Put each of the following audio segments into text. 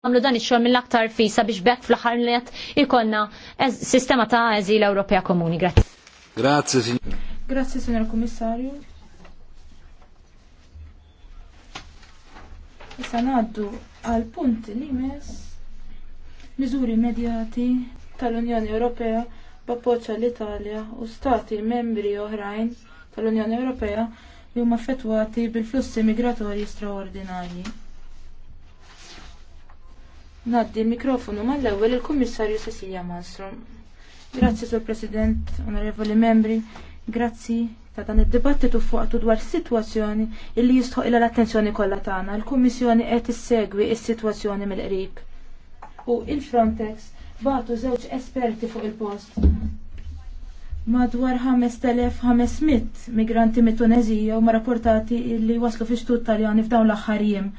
għamlu dan iċxol mill-aktar fisa biex bekk fl-aħħar net sistema ta' l-Europea Komuni. Grazie. Grazie signor. Grazzi, signor Kummissarju. Issa ngħaddu għal punt li mes miżuri immedjati tal-Unjoni Ewropea b'appoġġja l-Italja u stati membri oħrajn tal-Unjoni Ewropea li huma affettwati bil-flussi migratorji straordinarji. Naddi l-mikrofonu mal-ewwel il-Kummissarju Cecilia Malmström. Grazzi Sur President, onorevoli membri, grazzi ta' dan id-dibattitu fuqtu dwar situazzjoni illi jistħu illa l-attenzjoni kollha tagħna. Il-Kummissjoni qed issegwi s-sitwazzjoni mill-qrib. U il-Frontex batu żewġ esperti fuq il-post. Madwar 5500 migranti mit-Tunezija huma rapportati illi waslu fi xtut Taljani f'dawn l-aħħar jiem.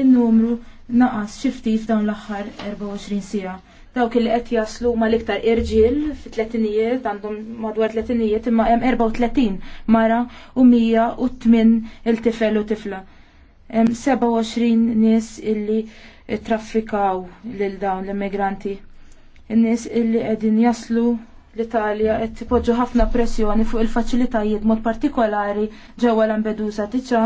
In-numru naqas xifti f'dawn l-aħħar 24 sija. Dawk li qed jaslu ma l-iktar irġiel fit-tletinijiet għandhom madwar tletinijiet imma hemm 34 mara u 108 il-tifel u tifla. Hemm 27 nies illi traffikaw lil dawn l-immigranti. In-nies illi qegħdin jaslu l-Italja qed tipoġġu ħafna pressjoni fuq il-faċilitajiet mod partikolari ġewwa Lampedusa diġà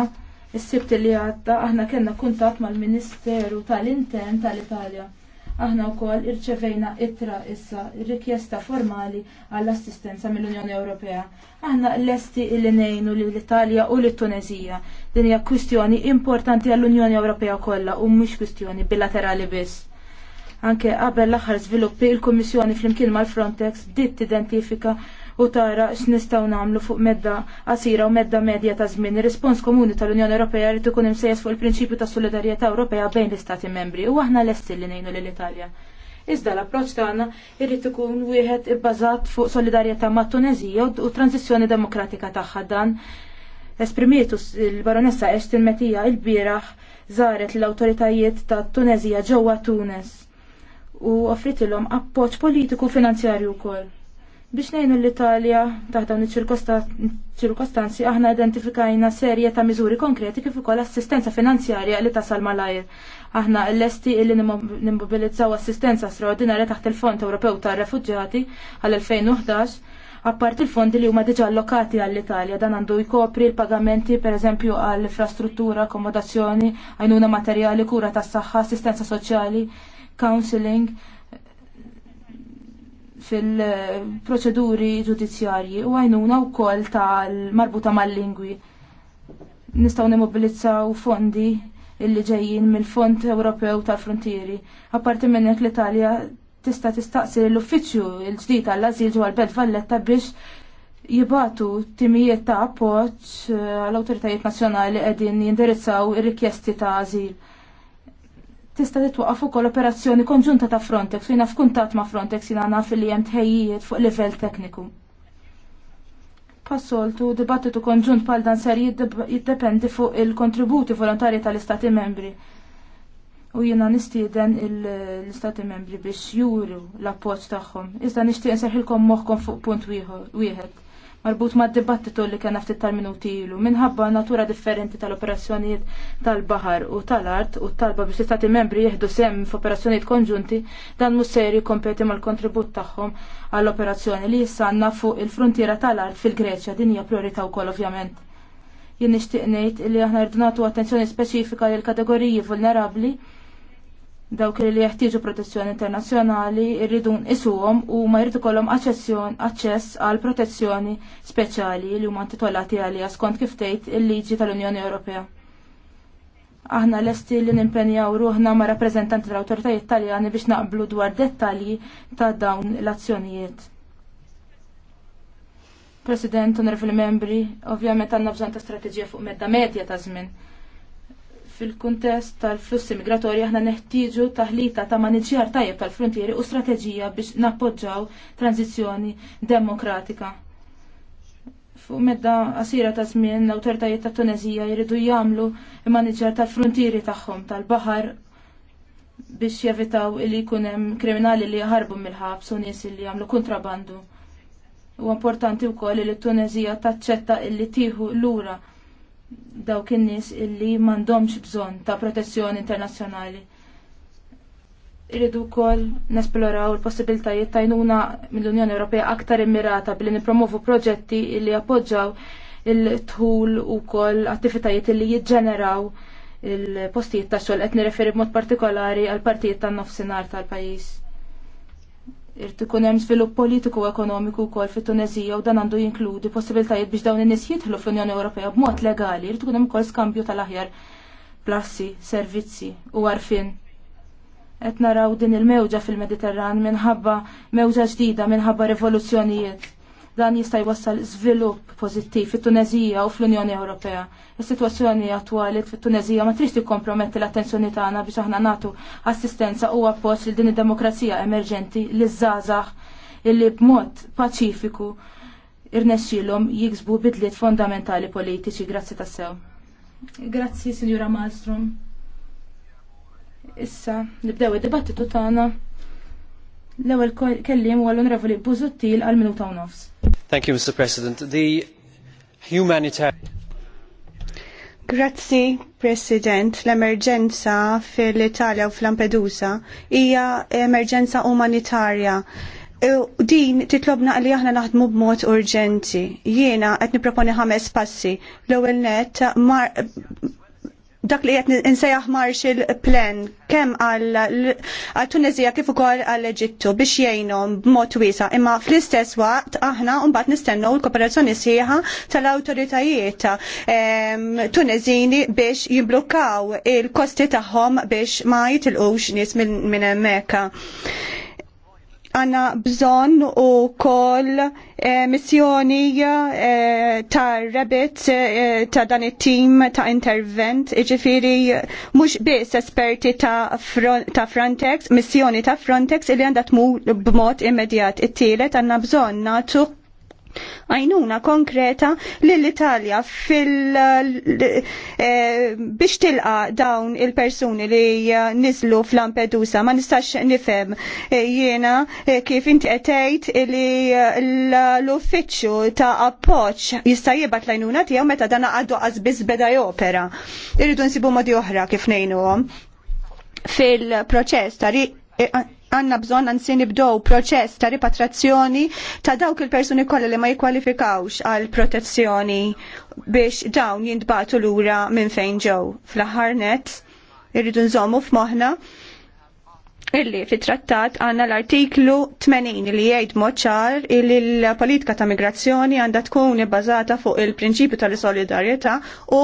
Is-sibt li għadda aħna kellna kuntatt mal-Ministeru tal-Intern tal-Italja. Aħna wkoll irċevejna ittra issa rikjesta formali għall-assistenza mill-Unjoni Ewropea. Aħna lesti li ngħinu lill italja u lit tunezija Din hija kwistjoni importanti għall-Unjoni Ewropea kollha u mhux kwistjoni bilaterali biss anke qabel l-aħħar żviluppi l kummissjoni flimkien mal-Frontex bdiet tidentifika u tara x'nistgħu nagħmlu fuq medda qasira u medda medja ta' żmien. Ir-rispons komuni tal-Unjoni Ewropea jrid ikun imsejjes fuq il-prinċipju ta' solidarjetà Ewropea bejn l-Istati membri u aħna lesti li ngħinu lill-Italja. Iżda l-approċċ tagħna jrid ikun wieħed ibbażat fuq solidarjetà mat Tunezija u tranzizzjoni demokratika tagħha dan. Esprimietu il-baronessa Eshtin Metija il-bieraħ żaret l-awtoritajiet ta' Tunezija ġewwa Tunes u offritilhom appoġġ politiku finanzjarju wkoll. Biex nejnu l-Italja taħt dawn ċirkostanzi aħna identifikajna serje ta' miżuri konkreti kif ukoll assistenza finanzjarja li tasal malajr. Aħna l-esti illi nimmobilizzaw assistenza straordinarja taħt il-Fond Ewropew tar Refuġġjati għal-2011 għappart il-fondi li huma diġà allokati għall-Italja dan għandu jkopri l-pagamenti pereżempju għall-infrastruttura, akkomodazzjoni, għajnuna materjali, kura tas-saħħa, assistenza soċjali, counseling fil-proċeduri ġudizzjarji u għajnuna u kol tal-marbuta mal-lingwi. Nistaw nimmobilizzaw fondi illi ġejjin mill-Fond Ewropew tal-Frontieri. Apparti minnek l-Italja tista' tistaqsi l-uffiċċju l-ġdid għall-azil ġewwa l-Belt Valletta biex jibatu timijiet ta' appoġġ eh, għall-awtoritajiet nazzjonali qegħdin jindirizzaw ir-rikjesti ta' ażil tista' titwaqaf ukoll operazzjoni konġunta ta' Frontex u jiena f'kuntatt ma' Frontex jiena naf li hemm tħejjijiet fuq livell tekniku. Passoltu dibattitu konġunt bħal dan ser jiddependi fuq il-kontributi volontarji tal-Istati membri. U jiena nistieden l-Istati membri biex juru l-appoġġ tagħhom. Iżda nixtieq nserħilkom moħħkom fuq punt wieħed marbut ma' dibattitu li kena ftit tal-minuti ilu minħabba natura differenti tal-operazzjonijiet tal-bahar u tal-art u talba biex l-istati membri jihdu sem f'operazzjonijiet konġunti dan musser jikompeti mal-kontribut tagħhom għall-operazzjoni li jissanna fuq il-frontiera tal-art fil-Greċja din hija priorità wkoll ovvjament jien nixtieq ngħid li aħna rdu nagħtu attenzjoni speċifika lil kategoriji vulnerabbli dawk li jeħtieġu protezzjoni internazzjonali irridu nqisuhom u ma jrid ikollhom aċċess għal protezzjoni speċjali li huma titolati għaliha skont kif tgħid il-liġi tal-Unjoni Ewropea. Aħna lesti li nimpenjaw ruħna ma' rappreżentanti tal-awtoritajiet Taljani biex naqblu dwar dettalji ta' dawn l-azzjonijiet. President, onorevoli membri, ovvjament għandna bżonn ta' strateġija fuq medda medja ta' żmien fil-kuntest tal-flussi migratorji aħna neħtieġu taħlita ta' maniġjar tajjeb tal-frontieri u strateġija biex nappoġġaw tranzizjoni demokratika. Fuq medda qasira ta' żmien l-awtoritajiet ta' Tunezija jridu jagħmlu maniġjar tal-frontieri tagħhom tal-baħar biex jevitaw li jkun hemm kriminali li jaħarbu mill-ħabs u nies li jagħmlu kontrabandu. U importanti wkoll li t-Tunezija taċċetta illi tieħu lura dawk in-nies illi m'għandhomx bżonn ta' protezzjoni internazzjonali. Irridu wkoll nesploraw il-possibiltajiet ta' jnuna mill-Unjoni Ewropea aktar immirata billi nippromovu proġetti illi appoġġaw il-tħul u koll attivitajiet illi jiġġeneraw il-postijiet ta' xogħol qed nirreferi b'mod partikolari għal partijiet tan-nofsinhar tal-pajjiż. Irrid ikun hemm żvilupp politiku u ekonomiku wkoll fit-Tunezija u dan għandu jinkludi possibiltajiet biex dawn in-nies jidħlu fl-Unjoni Ewropea b'mod legali, irid ikun hemm ukoll skambju tal-aħjar plassi, servizzi u għarfien. Qed naraw din il-mewġa fil-Mediterran minħabba mewġa ġdida minħabba rivoluzzjonijiet dan jista' jwassal żvilupp pożittiv fit-Tunezija u fl-Unjoni Ewropea. Is-sitwazzjoni attwali fit-Tunezija ma trix tikkomprometti l-attenzjoni tagħna biex aħna nagħtu assistenza u appoġġ lil din id-demokrazija emerġenti li żgħażagħ illi b'mod paċifiku irnexxilhom jiksbu bidliet fondamentali politiċi grazzi tassew. Grazzi, Sinjura Malmstrom. Issa, nibdew id-dibattitu tagħna l-ewwel kellim huwa l-Onorevoli Busuttil għal minuta u nofs. Thank you, Mr. President. The humanitarian Grazzi, President. L-emerġenza fil-Italja u fl-Lampedusa hija emerġenza umanitarja. Din titlobna li aħna naħdmu b'mod urġenti. Jiena qed nipproponi ħames passi. L-ewwel net dak li qed insejjaħ Marshall Plan kemm għal Tunezija kif ukoll għal Eġittu biex jgħinhom b'mod wiesa' imma fl-istess waqt aħna mbagħad nistennu l-kooperazzjoni sieħa tal-awtoritajiet ehm, Tunezini biex jimblukkaw il-kosti tagħhom biex ma jitilqux nies minn hemmhekk għanna bżon u kol eh, missjoni eh, ta' rebit eh, ta' dan it-tim ta' intervent, iġifiri mux biss esperti ta', ta Frontex, missjoni ta' Frontex li għanda tmur b'mod immedjat. It-tielet għanna bżon natu għajnuna konkreta l-Italja fil eh, biex tilqa dawn il-persuni li eh, nizlu fl-Lampedusa ma nistax nifem eh, jiena kif inti għetajt li l-uffiċċju ta' appoġġ jista' jibgħat l-għajnuna tiegħu meta dan għadu qasbiż beda jopera. Irridu nsibu modi oħra kif ngħinuhom fil-proċess ta' għanna bżon għansi nibdow proċess ta' ripatrazzjoni ta' dawk il-persuni kollha li ma jikkwalifikawx għal protezzjoni biex dawn l lura minn fejn ġew. Fl-aħħar net irridu nżommu f'moħħna illi fit trattat għanna l-artiklu 80 li jgħid moċar illi l-politika ta' migrazzjoni għandha tkun ibbażata fuq il-prinċipju tal solidarieta u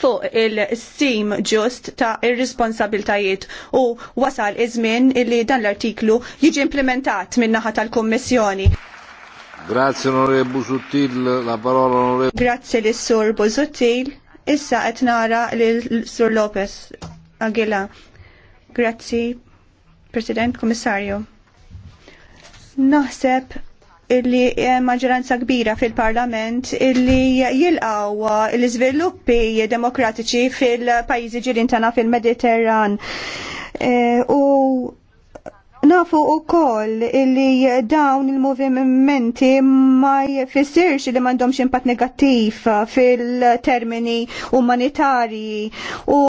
fuq il-sim ġust ta' irresponsabiltajiet u wasal iż-żmien li dan l-artiklu jiġi implementat min naħa tal-Kummissjoni. Grazie Onore Busuttil, la parola onorevole. Grazie lis sur Busuttil. Issa qed nara l sur Lopez Aguila. Grazzi, President Komissarju. Naħseb illi maġġoranza kbira fil-parlament illi jilqaw l-iżviluppi demokratiċi fil-pajjiżi ġirin tagħna fil-Mediterran. E, u nafu u koll illi dawn il-movimenti ma jfissirx li mandom impatt negattiv fil-termini umanitarji u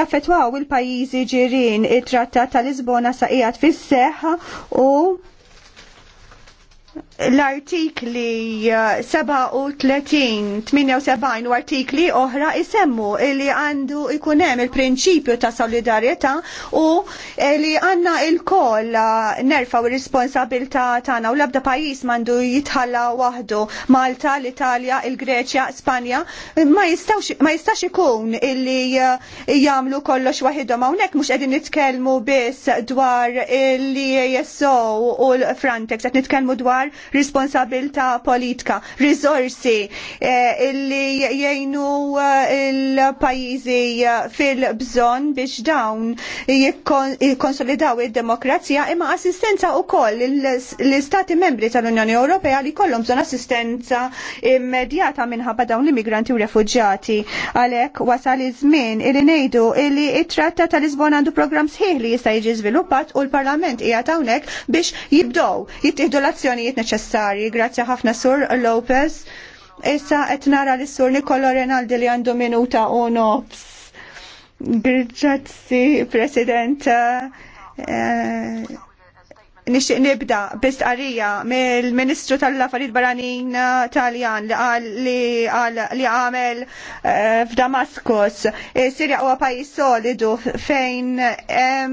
jaffetwaw il-pajizi ġirin il-trattat tal-Lisbona saqijat fis-seħ u l-artikli 37, eh, 78 u artikli oħra isemmu li għandu ikunem il-prinċipju ta' solidarieta u eh, li għanna il-koll eh, nerfa u responsabilta tana u labda pajis mandu jitħalla wahdu Malta, l-Italja, il-Greċja, Spanja ma jistax ikun illi jamlu kollox ma unek mux edin nitkelmu bis dwar illi jessow u l-Frontex nitkelmu dwar responsabilità responsabilta politika, rizorsi eh, illi jgħinu eh, il-pajizi eh, fil-bżon biex dawn jikonsolidaw id-demokrazija imma assistenza u koll l-istati membri tal-Unjoni Ewropea li kollom bżon assistenza immedjata minħabba dawn l-immigranti u refugġati. Għalek wasal iż-żmien illi ngħidu illi it-tratta tal-Lisbon għandu programm sħiħ li jista' jiġi żviluppat u l-Parlament hija hawnhekk biex jibdow jittieħdu l-azzjonijiet l neċessarji. Grazzi ħafna Sur Lopez. Issa qed nara li Sur Nicolo Renaldi li għandu minuta u nofs. Grazzi, President. Eh, nixtieq nibda stqarrija mill-Ministru tal-Affarijiet Barranin eh, Taljan li għamel eh, f'Damaskus. Sirja huwa pajjiż solidu fejn eh,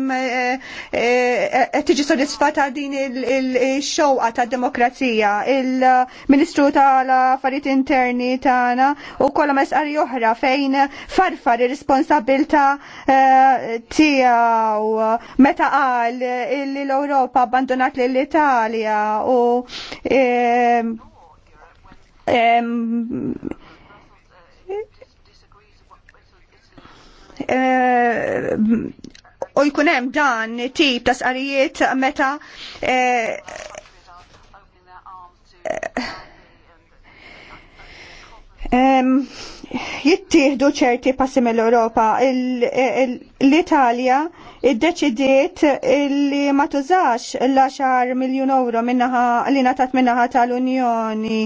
qed tiġi sodisfata din il-xewqa tad-demokrazija. Il-Ministru tal-Affarijiet Interni tagħna wkoll hemm mesqari oħra fejn farfar ir-responsabilità tiegħu meta qal l-Ewropa abbandonat l italia u um, um, u jkunem dan tip ta' sqarijiet meta eh, jittieħdu ċerti passi mill europa l-Italja iddeċidiet li ma tużax l-10 miljun euro minnaħa li natat minnaħa tal-Unjoni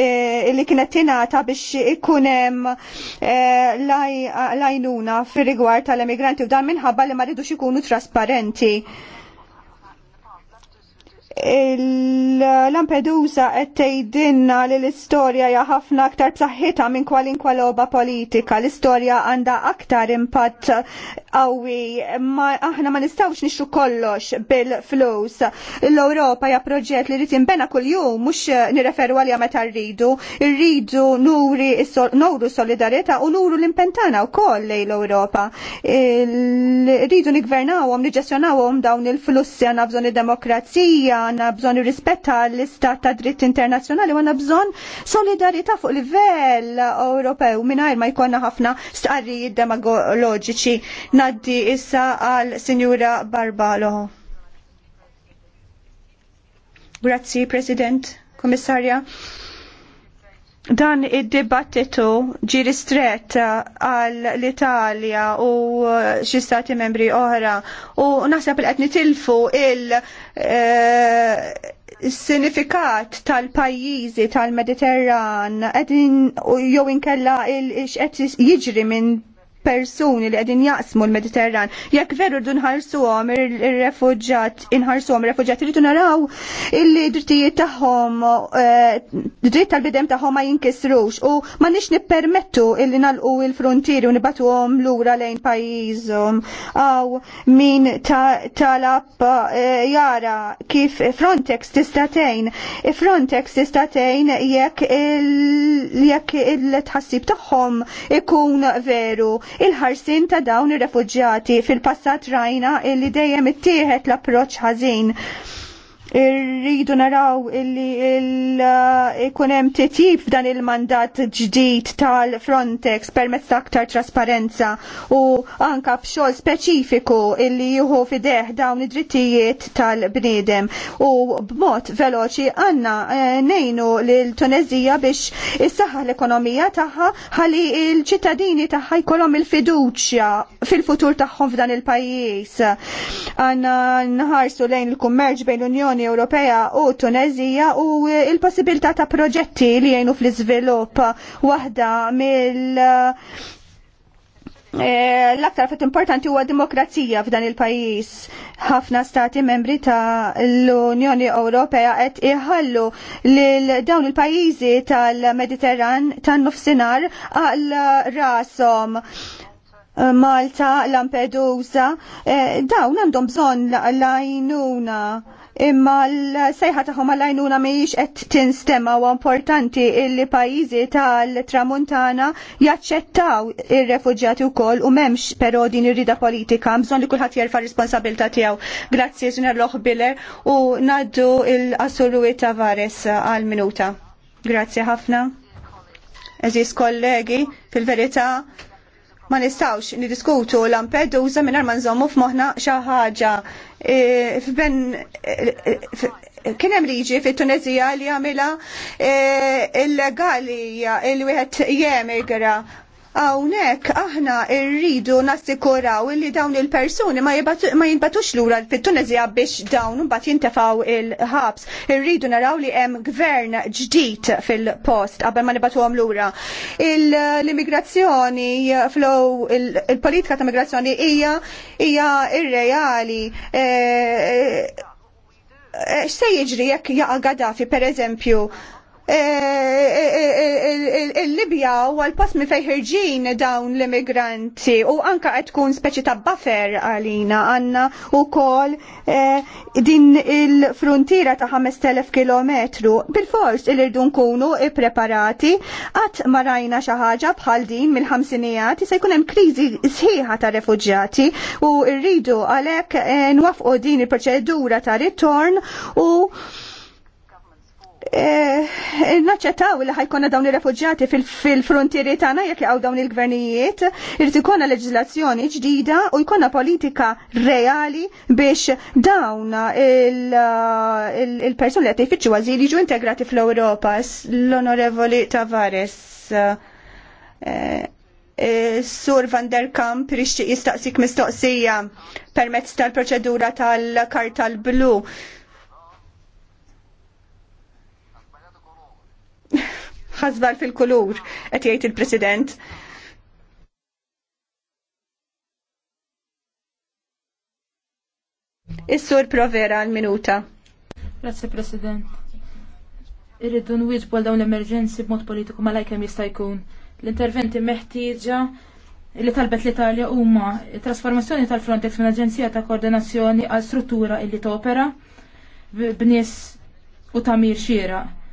e, li kienet tingħata biex ikun hemm e, lajnuna fir rigward tal-emigranti u dan minħabba li ma rridux ikunu trasparenti. Lampedusa qed tgħidilna li l-istorja hija ħafna aktar b'saħħitha minn kwalinkwa logħba politika. L-istorja għandha aktar impatt qawwi. Ma aħna ma nistgħux nixtru kollox bil-flus. L-Ewropa hija proġett li rrid jinbena kuljum mhux nirreferu għalija meta rridu. Irridu nuri nuru solidarjetà u nuru l-impentana wkoll lejn l-Ewropa. Rridu nigvernawhom, niġġestjonawhom dawn il-flussi għandna bżonn id-demokrazija, għandna bżonn rispetta l-istat ta' dritt internazzjonali u għandna bżonn solidarita fuq livell Ewropew mingħajr ma jkollna ħafna stqarrijiet demagoloġiċi. Naddi issa għal Signora Barbalo. Grazzi, President, Komissarja dan id-dibattitu ġiri ristret għal l-Italja u uh, xi stati membri oħra u naħseb li qed nitilfu il- uh, sinifikat tal-pajjiżi tal-Mediterran qegħdin jew inkella il-x'qed jiġri minn persuni li qegħdin jaqsmu l-Mediterran. Jekk veru rdu nħarsuhom ir-refuġġat, inħarsuhom ir refugġat irridu naraw illi drittijiet tagħhom eh, dritt tal-bidem tagħhom ma jinkisrux u ma nix nippermettu illi nalqu il-frontieri u nibatuhom lura lejn pajjiżhom għaw min talab eh, jara kif Frontex tistatejn. Frontex tistatejn jekk il-tħassib tagħhom ikun veru il-ħarsin ta' dawn ir-refuġjati fil-passat rajna illi dejjem ittieħed l-approċċ ħażin Rridu naraw illi il-ikunem uh, titjib f'dan il-mandat ġdid tal-Frontex permezz ta' aktar trasparenza u anka b'xogħol speċifiku illi juhu fideħ dawn id-drittijiet tal-bniedem u b'mod veloċi għanna eh, nejnu l-Tunezija biex issaħħa l-ekonomija tagħha ħalli il-ċittadini tagħha jkollhom il-fiduċja fil-futur tagħhom f'dan il-pajjiż. Għanna nħarsu lejn il-kummerġ bejn l-Unjoni l unjoni Ewropea u Tunezija u il-possibilità ta' proġetti li jgħinu fl-iżvilupp waħda mill- eh, L-aktar fett importanti huwa demokrazija f'dan il-pajjiż. Ħafna stati membri ta' l-Unjoni Ewropea qed iħallu lil dawn il-pajjiżi tal-Mediterran tan-nofsinhar għal rashom. Malta, Lampedusa, eh, dawn għandhom bżonn lajnuna. La imma l-sejħa tagħhom għall-għajnuna mhijiex qed tinstema u importanti illi pajjiżi tal-Tramuntana jaċċettaw il-refugġati refuġjati wkoll u m'hemmx però din ir-rida politika bżonn li kulħadd jerfa' responsabilta tiegħu. Grazzi zunar loħbile u ngħaddu l-Assurui Tavares għal-minuta. Grazzi ħafna. Eżis kollegi, fil-verità ma nistawx nidiskutu Lampedusa minn ma nżommu f'moħna xi ħaġa e, f'ben e, kien hemm liġi fit-Tunezija li għamilha e, illegali il wieħed jemigra Hawnhekk aħna rridu nassikuraw li dawn il-persuni ma jinbatux lura fit-Tunezija biex dawn mbagħad jintefgħu il-ħabs. Irridu naraw li hemm gvern ġdid fil-post qabel ma nibatuhom lura. L-immigrazzjoni flow il-politika ta' migrazzjoni hija hija irreali. Eh, eh, eh, x'se jiġri jekk jaqa Gaddafi per eżempju Eh, eh, eh, il-Libja huwa l-post minn fejħirġin dawn l-immigranti u anka qed tkun speċi ta' buffer għalina għandna wkoll din il frontira ta' 5000 km. Bil-fors il-irdu nkunu ippreparati qatt ma rajna xi ħaġa bħal din mill-ħamsinijat se jkun hemm kriżi sħiħa ta' refugġati u rridu għalhekk nwafqu din il-proċedura ta' ritorn u Eh, naċċettaw li ħajkonna dawn ir-refuġjati fil-frontieri tagħna jekk jaqgħu dawn il-gvernijiet, irid ikollna leġislazzjoni ġdida u jkollna politika reali biex dawn il-persuni li qed jfittxu għażil jiġu integrati fl-Ewropa. L-Onorevoli Tavares. Eh, eh, Sur van der Kamp rixti jistaqsik mistoqsija permezz tal-proċedura tal-karta l-blu. ħazbar fil-kulur, qed jgħid il-President. Is-sur provera għal-minuta. Grazie, President. Irridu nwieġbu għal dawn l-emerġenzi b'mod politiku ma lajkem jista' jkun. L-interventi meħtieġa li talbet l-Italja huma trasformazzjoni tal-Frontex minn aġenzija ta' koordinazzjoni għal struttura illi topera b'nies u tamir xieraq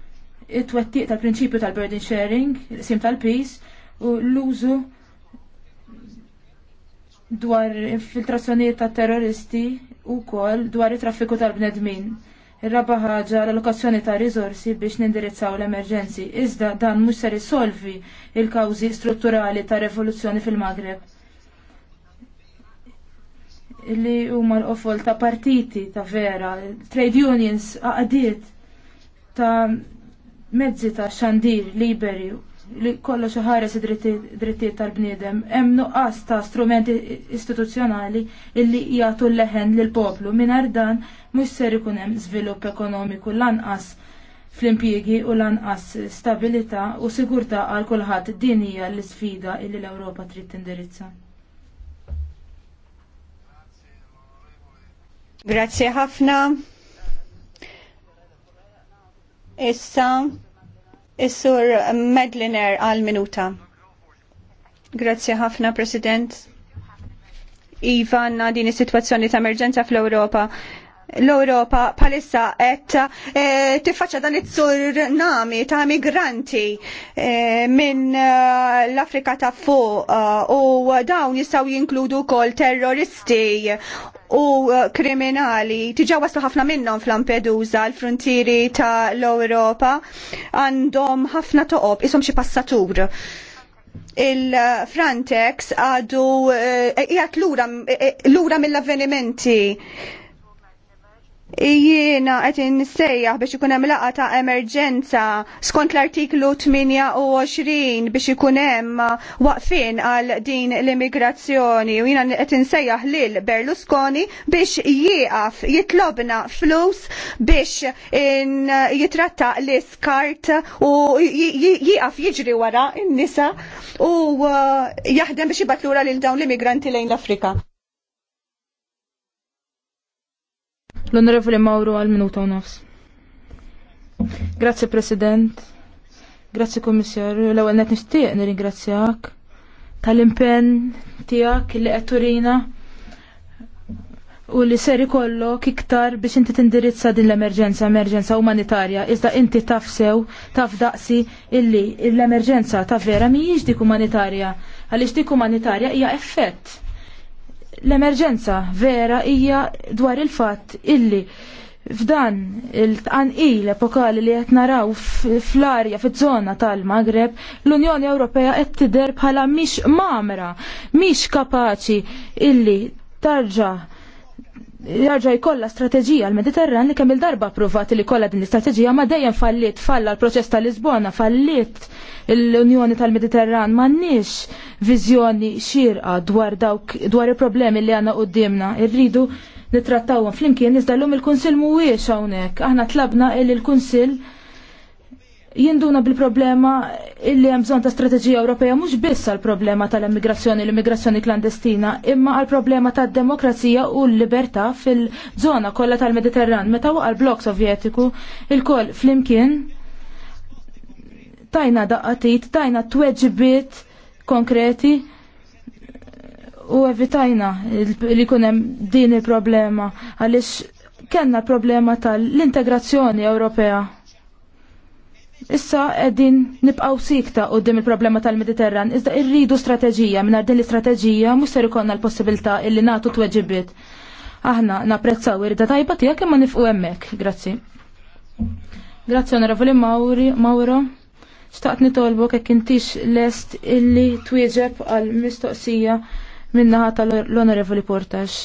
it-twettiq tal-prinċipju tal-burden sharing, sim tal peace u l-użu dwar infiltrazzjonijiet ta' terroristi u kol dwar it-traffiku tal-bnedmin. Ir-raba ħaġa l-allokazzjoni ta' rizorsi biex nindirizzaw l-emerġenzi. Iżda dan mhux ser risolvi il-kawżi strutturali ta' revoluzzjoni fil-Magreb li huma l-qofol ta' partiti ta' vera, trade unions, għaqdiet ta' mezzi ta' xandir liberi li kollu xaħara si drittijiet tal-bniedem, hemm nuqqas ta' strumenti istituzzjonali illi jagħtu leħen lil poplu mingħajr dan mhux ser ikun hemm żvilupp ekonomiku lanqas fl-impjiegi u lanqas stabilità u sigurtà għal kulħadd din hija l-isfida illi l-Ewropa trid tindirizza. Grazie ħafna. Issa, Is-sur Medliner għal minuta. Grazzi ħafna, President. Iva, għadini din is-sitwazzjoni ta' emerġenza fl-Ewropa l-Europa palissa qed e, tiffaċċa dan it nami ta' migranti e, minn eh, l-Afrika ta' fuq u dawn jistgħu jinkludu wkoll terroristi u kriminali. Tiġa waslu ħafna minnhom fl-Lampedusa, l-frontieri ta' l-Europa għandhom ħafna toqob, ishom xi passatur il-Frontex għadu jgħat lura mill-avvenimenti jiena qed insejjaħ biex ikun hemm laqgħa ta' emerġenza skont l-artiklu 28 biex ikun hemm waqfien għal din l-immigrazzjoni u jiena qed insejjaħ lil Berlusconi biex jieqaf jitlobna flus biex jitratta l-iskart u jieqaf jiġri wara n-nisa u uh, jaħdem biex jibatlura lil dawn l-immigranti lejn l-Afrika. L-Onorevoli Mauro għal minuta u nofs. Grazie President, grazie Komissarju, l-ewwel net nixtieq nirringrazzjak tal-impenn tiegħek li qed turina u li seri kollo iktar biex inti tindirizza din l-emerġenza, emerġenza umanitarja, iżda inti taf sew, taf daqsi illi l-emerġenza ta' vera mhijiex dik umanitarja, għaliex dik umanitarja hija effett l-emerġenza vera hija dwar il-fatt illi f'dan il-tqanqil epokali li qed naraw fl-arja fiż-żona tal-Magreb, l-Unjoni Ewropea qed tidher bħala mhix mamra, mhix kapaċi illi tarġa' jarġa' jkollha strateġija l mediterran li kemm il-darba provat li kollha din l-istrateġija ma dejjem fallit falla l-proċess ta' Lisbona, fallit l-Unjoni tal-Mediterran m'għandniex viżjoni xirqa dwar dawk dwar il-problemi li għanna qudiemna. Irridu nittrattawhom flimkien iżda il kunsil mhuwiex hawnhekk. Aħna tlabna il il-Kunsill kunsil il kunsill jinduna bil-problema illi hemm bżonn ta' strateġija Ewropea mhux biss għal problema tal-immigrazzjoni l-immigrazzjoni klandestina, imma għal problema tad-demokrazija u l-libertà fil-żona kollha tal-Mediterran. Meta waqal blok Sovjetiku, il-koll flimkien tajna daqqatit, tajna tweġibiet konkreti u evitajna li kunem din il-problema għaliex kenna problema tal-integrazzjoni Ewropea. Issa qegħdin nibqgħu sikta dim il-problema tal-Mediterran, iżda irridu strateġija mingħajr din l strategija mhux ser ikollna l-possibilità illi nagħtu tweġibiet. Aħna napprezzaw irda tajba tiegħek imma nifqu hemmhekk. Grazzi. Grazzi onorevoli Mauri, Mauro. Xtaqt nitolbok jekk intix lest illi t-weġib għal mistoqsija minnaħa tal-onorevoli Portax.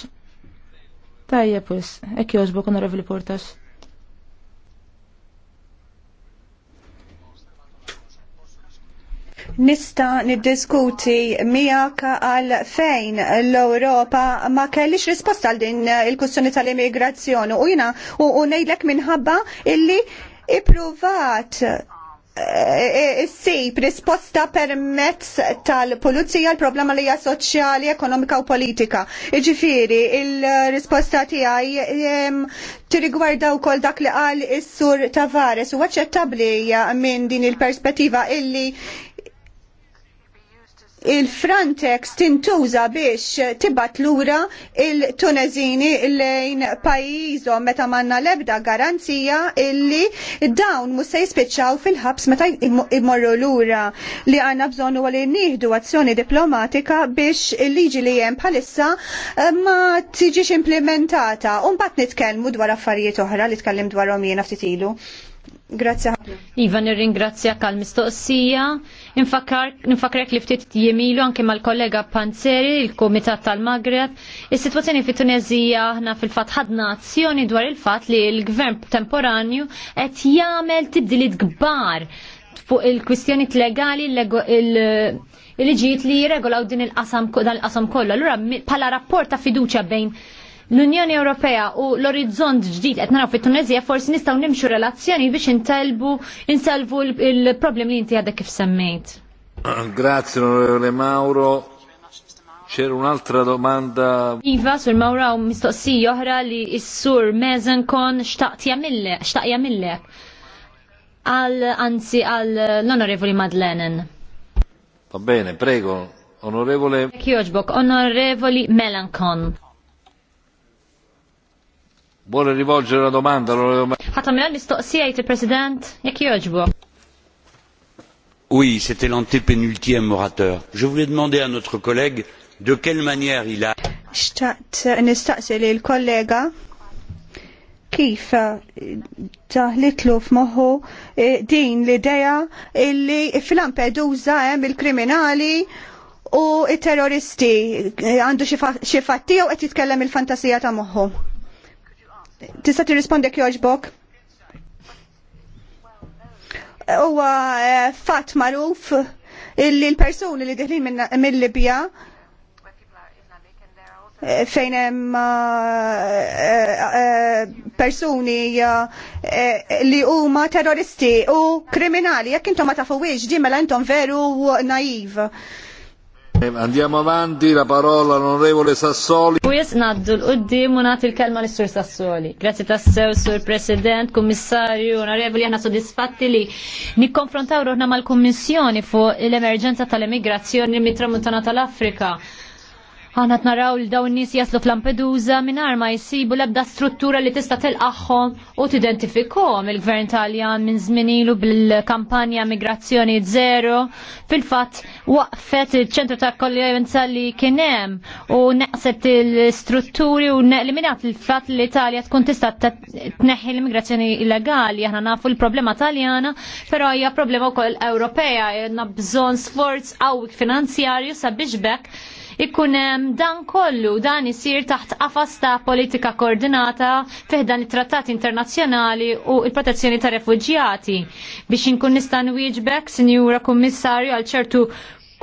Tajja, pus, ekki jogħġbok onorevoli Portax. Nista niddiskuti miegħek għal fejn l-Ewropa ma kellix risposta għal din il-kussjoni tal-immigrazzjoni u jina u ngħidlek minħabba illi ippruvat eh, eh, issib risposta permezz tal-pulizija l-problema li hija soċjali, ekonomika u politika. Iġifieri, il-risposta tiegħi tirrigwarda wkoll dak li qal is-sur Tavares u aċċettabbli minn din il-perspettiva illi il-Frontex tintuża biex tibat lura il-Tunezini lejn pajjiżhom meta manna lebda garanzija illi dawn mhux se jispiċċaw fil-ħabs meta jmorru lura li għandna bżonn huwa li nieħdu azzjoni diplomatika biex il-liġi li hemm bħalissa eh, ma tiġix implementata u mbagħad nitkellmu dwar affarijiet oħra li tkellim dwarhom jiena ftit ilu. Ivan, ħafna. Iva nirringrazzjak għall mistoqsija Nfakrek li ftit jemilu anke mal-kollega Panzeri, il-Komitat tal-Magreb. Is-sitwazzjoni fit tunezija aħna fil-fatt ħadna azzjoni dwar il-fatt li l-gvern temporanju qed jagħmel tibdilit kbar fuq il-kwistjoni legali il-liġijiet li jirregolaw din il-qasam kollu. Allura bħala rapport ta' fiduċja bejn l-Unjoni Ewropea u l-orizzont ġdid qed naraw fit-Tunezija forsi nistgħu nimxu relazzjoni biex intelbu inselvu il-problem li inti għadek kif semmejt. Grazie onorevole Mauro. C'era un'altra domanda. Iva, sur Maura, u mistoqsija oħra li s-sur kon xtaqt jamillek, xtaqt anzi, al l-onorevoli Madlenen. Va bene, prego, onorevole. Kjoġbok, onorevoli Melankon. Vuole rivolgere la domanda, l'onorevole Ħatamil mistoqsija jgħid il-President, jekk jogħġbu. Oui, c'était l'antépénultième orateur. Je voulais demander à notre collègue de quelle manière il a. Xtaqt nistaqsi li l-kollega kif eh, taħlitlu f'moħħu eh, din l-idea illi fil-Lampedusa hemm il-kriminali u il-terroristi eh, għandu xi fatti jew qed jitkellem il-fantasija ta' moħħu. Tista' tirrispondek jogħġbok? Huwa eh, fatt magħruf illi l-persuni li diħlin mill-Libja eh, fejn hemm eh, persuni li huma terroristi u kriminali jekk intom ma tafuwiex di mela intom veru naiv. Eh, andiamo avanti, la parola all'onorevole Sassoli. Kwies naddu l-qoddim u nagħti l-kelma l-Sur Sassoli. Grazzi tassew, Sur President, Kummissarju, onorevoli, aħna sodisfatti li nikkonfrontaw ruħna mal-Kummissjoni fuq l-emerġenza tal-immigrazzjoni mit-tramuntana tal-Afrika. Għanat naraw li dawn nis jaslu fl-Lampedusa minar ma jisibu lebda struttura li tista tilqaħħom u t-identifikom il-gvern taljan minn zminilu bil-kampanja Migrazzjoni Zero fil-fat waqfet il-ċentru ta' kollegenza li kienem u neqset il-strutturi u eliminat il-fat li Italja tkun tista tneħħi l-immigrazzjoni illegali. Aħna nafu l-problema taljana, pero hija problema wkoll Ewropea, għandna bżonn sforz qawwi finanzjarju sabiex bekk ikun dan kollu dan isir taħt qafas ta' politika koordinata fih dan it-trattati internazzjonali u l-protezzjoni ta' refuġjati biex inkun nista' nwieġbek, Sinjura Kummissarju, għal ċertu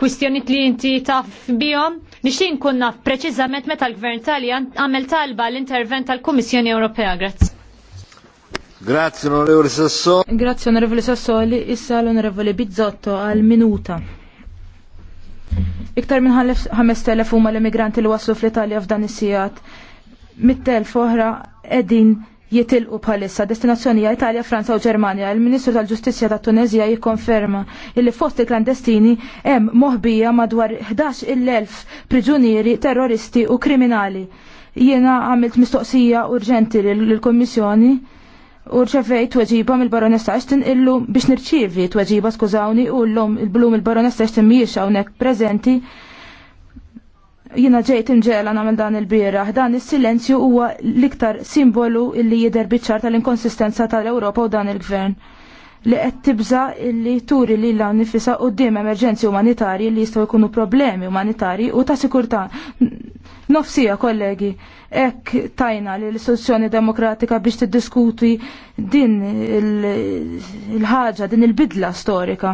kwistjoni li inti taf bihom, nixin kunna preċiżament meta l-Gvern Taljan għamel talba l-intervent tal-Kummissjoni Ewropea. Grazzi. Grazie onorevole Sassoli. Grazie onorevole Sassoli, issa l-onorevole Bizzotto għal minuta. Iktar minn 5,000 huma l-immigranti li waslu fl-Italja f'dan is-sijat. Mit-telf oħra qegħdin jitilqu bħalissa destinazzjonija Italja, Franza u Ġermanja. Il-Ministru tal-Ġustizzja ta' Tunezija jikkonferma li fost il-klandestini hemm moħbija madwar 11,000 priġunieri terroristi u kriminali. Jiena għamilt mistoqsija urġenti lill-Kummissjoni u rċevej tweġiba mill-baronessa Ashton illu biex nirċievi tweġiba skużawni u l-lum il-blum il-baronessa Ashton miex hawnhekk preżenti. Jina ġejt imġela nagħmel dan il-bieraħ, dan is-silenzju huwa l-iktar simbolu illi jidher biċ-ċar tal-inkonsistenza tal-Ewropa u dan il-gvern li qed tibża li turi li la nifisa qudiem emerġenzi umanitarji li jistgħu jkunu problemi umanitarji u ta' sikurtà. Nofsija, kollegi, hekk tajna li l-istituzzjoni demokratika biex tiddiskuti din il-ħaġa, din il-bidla storika.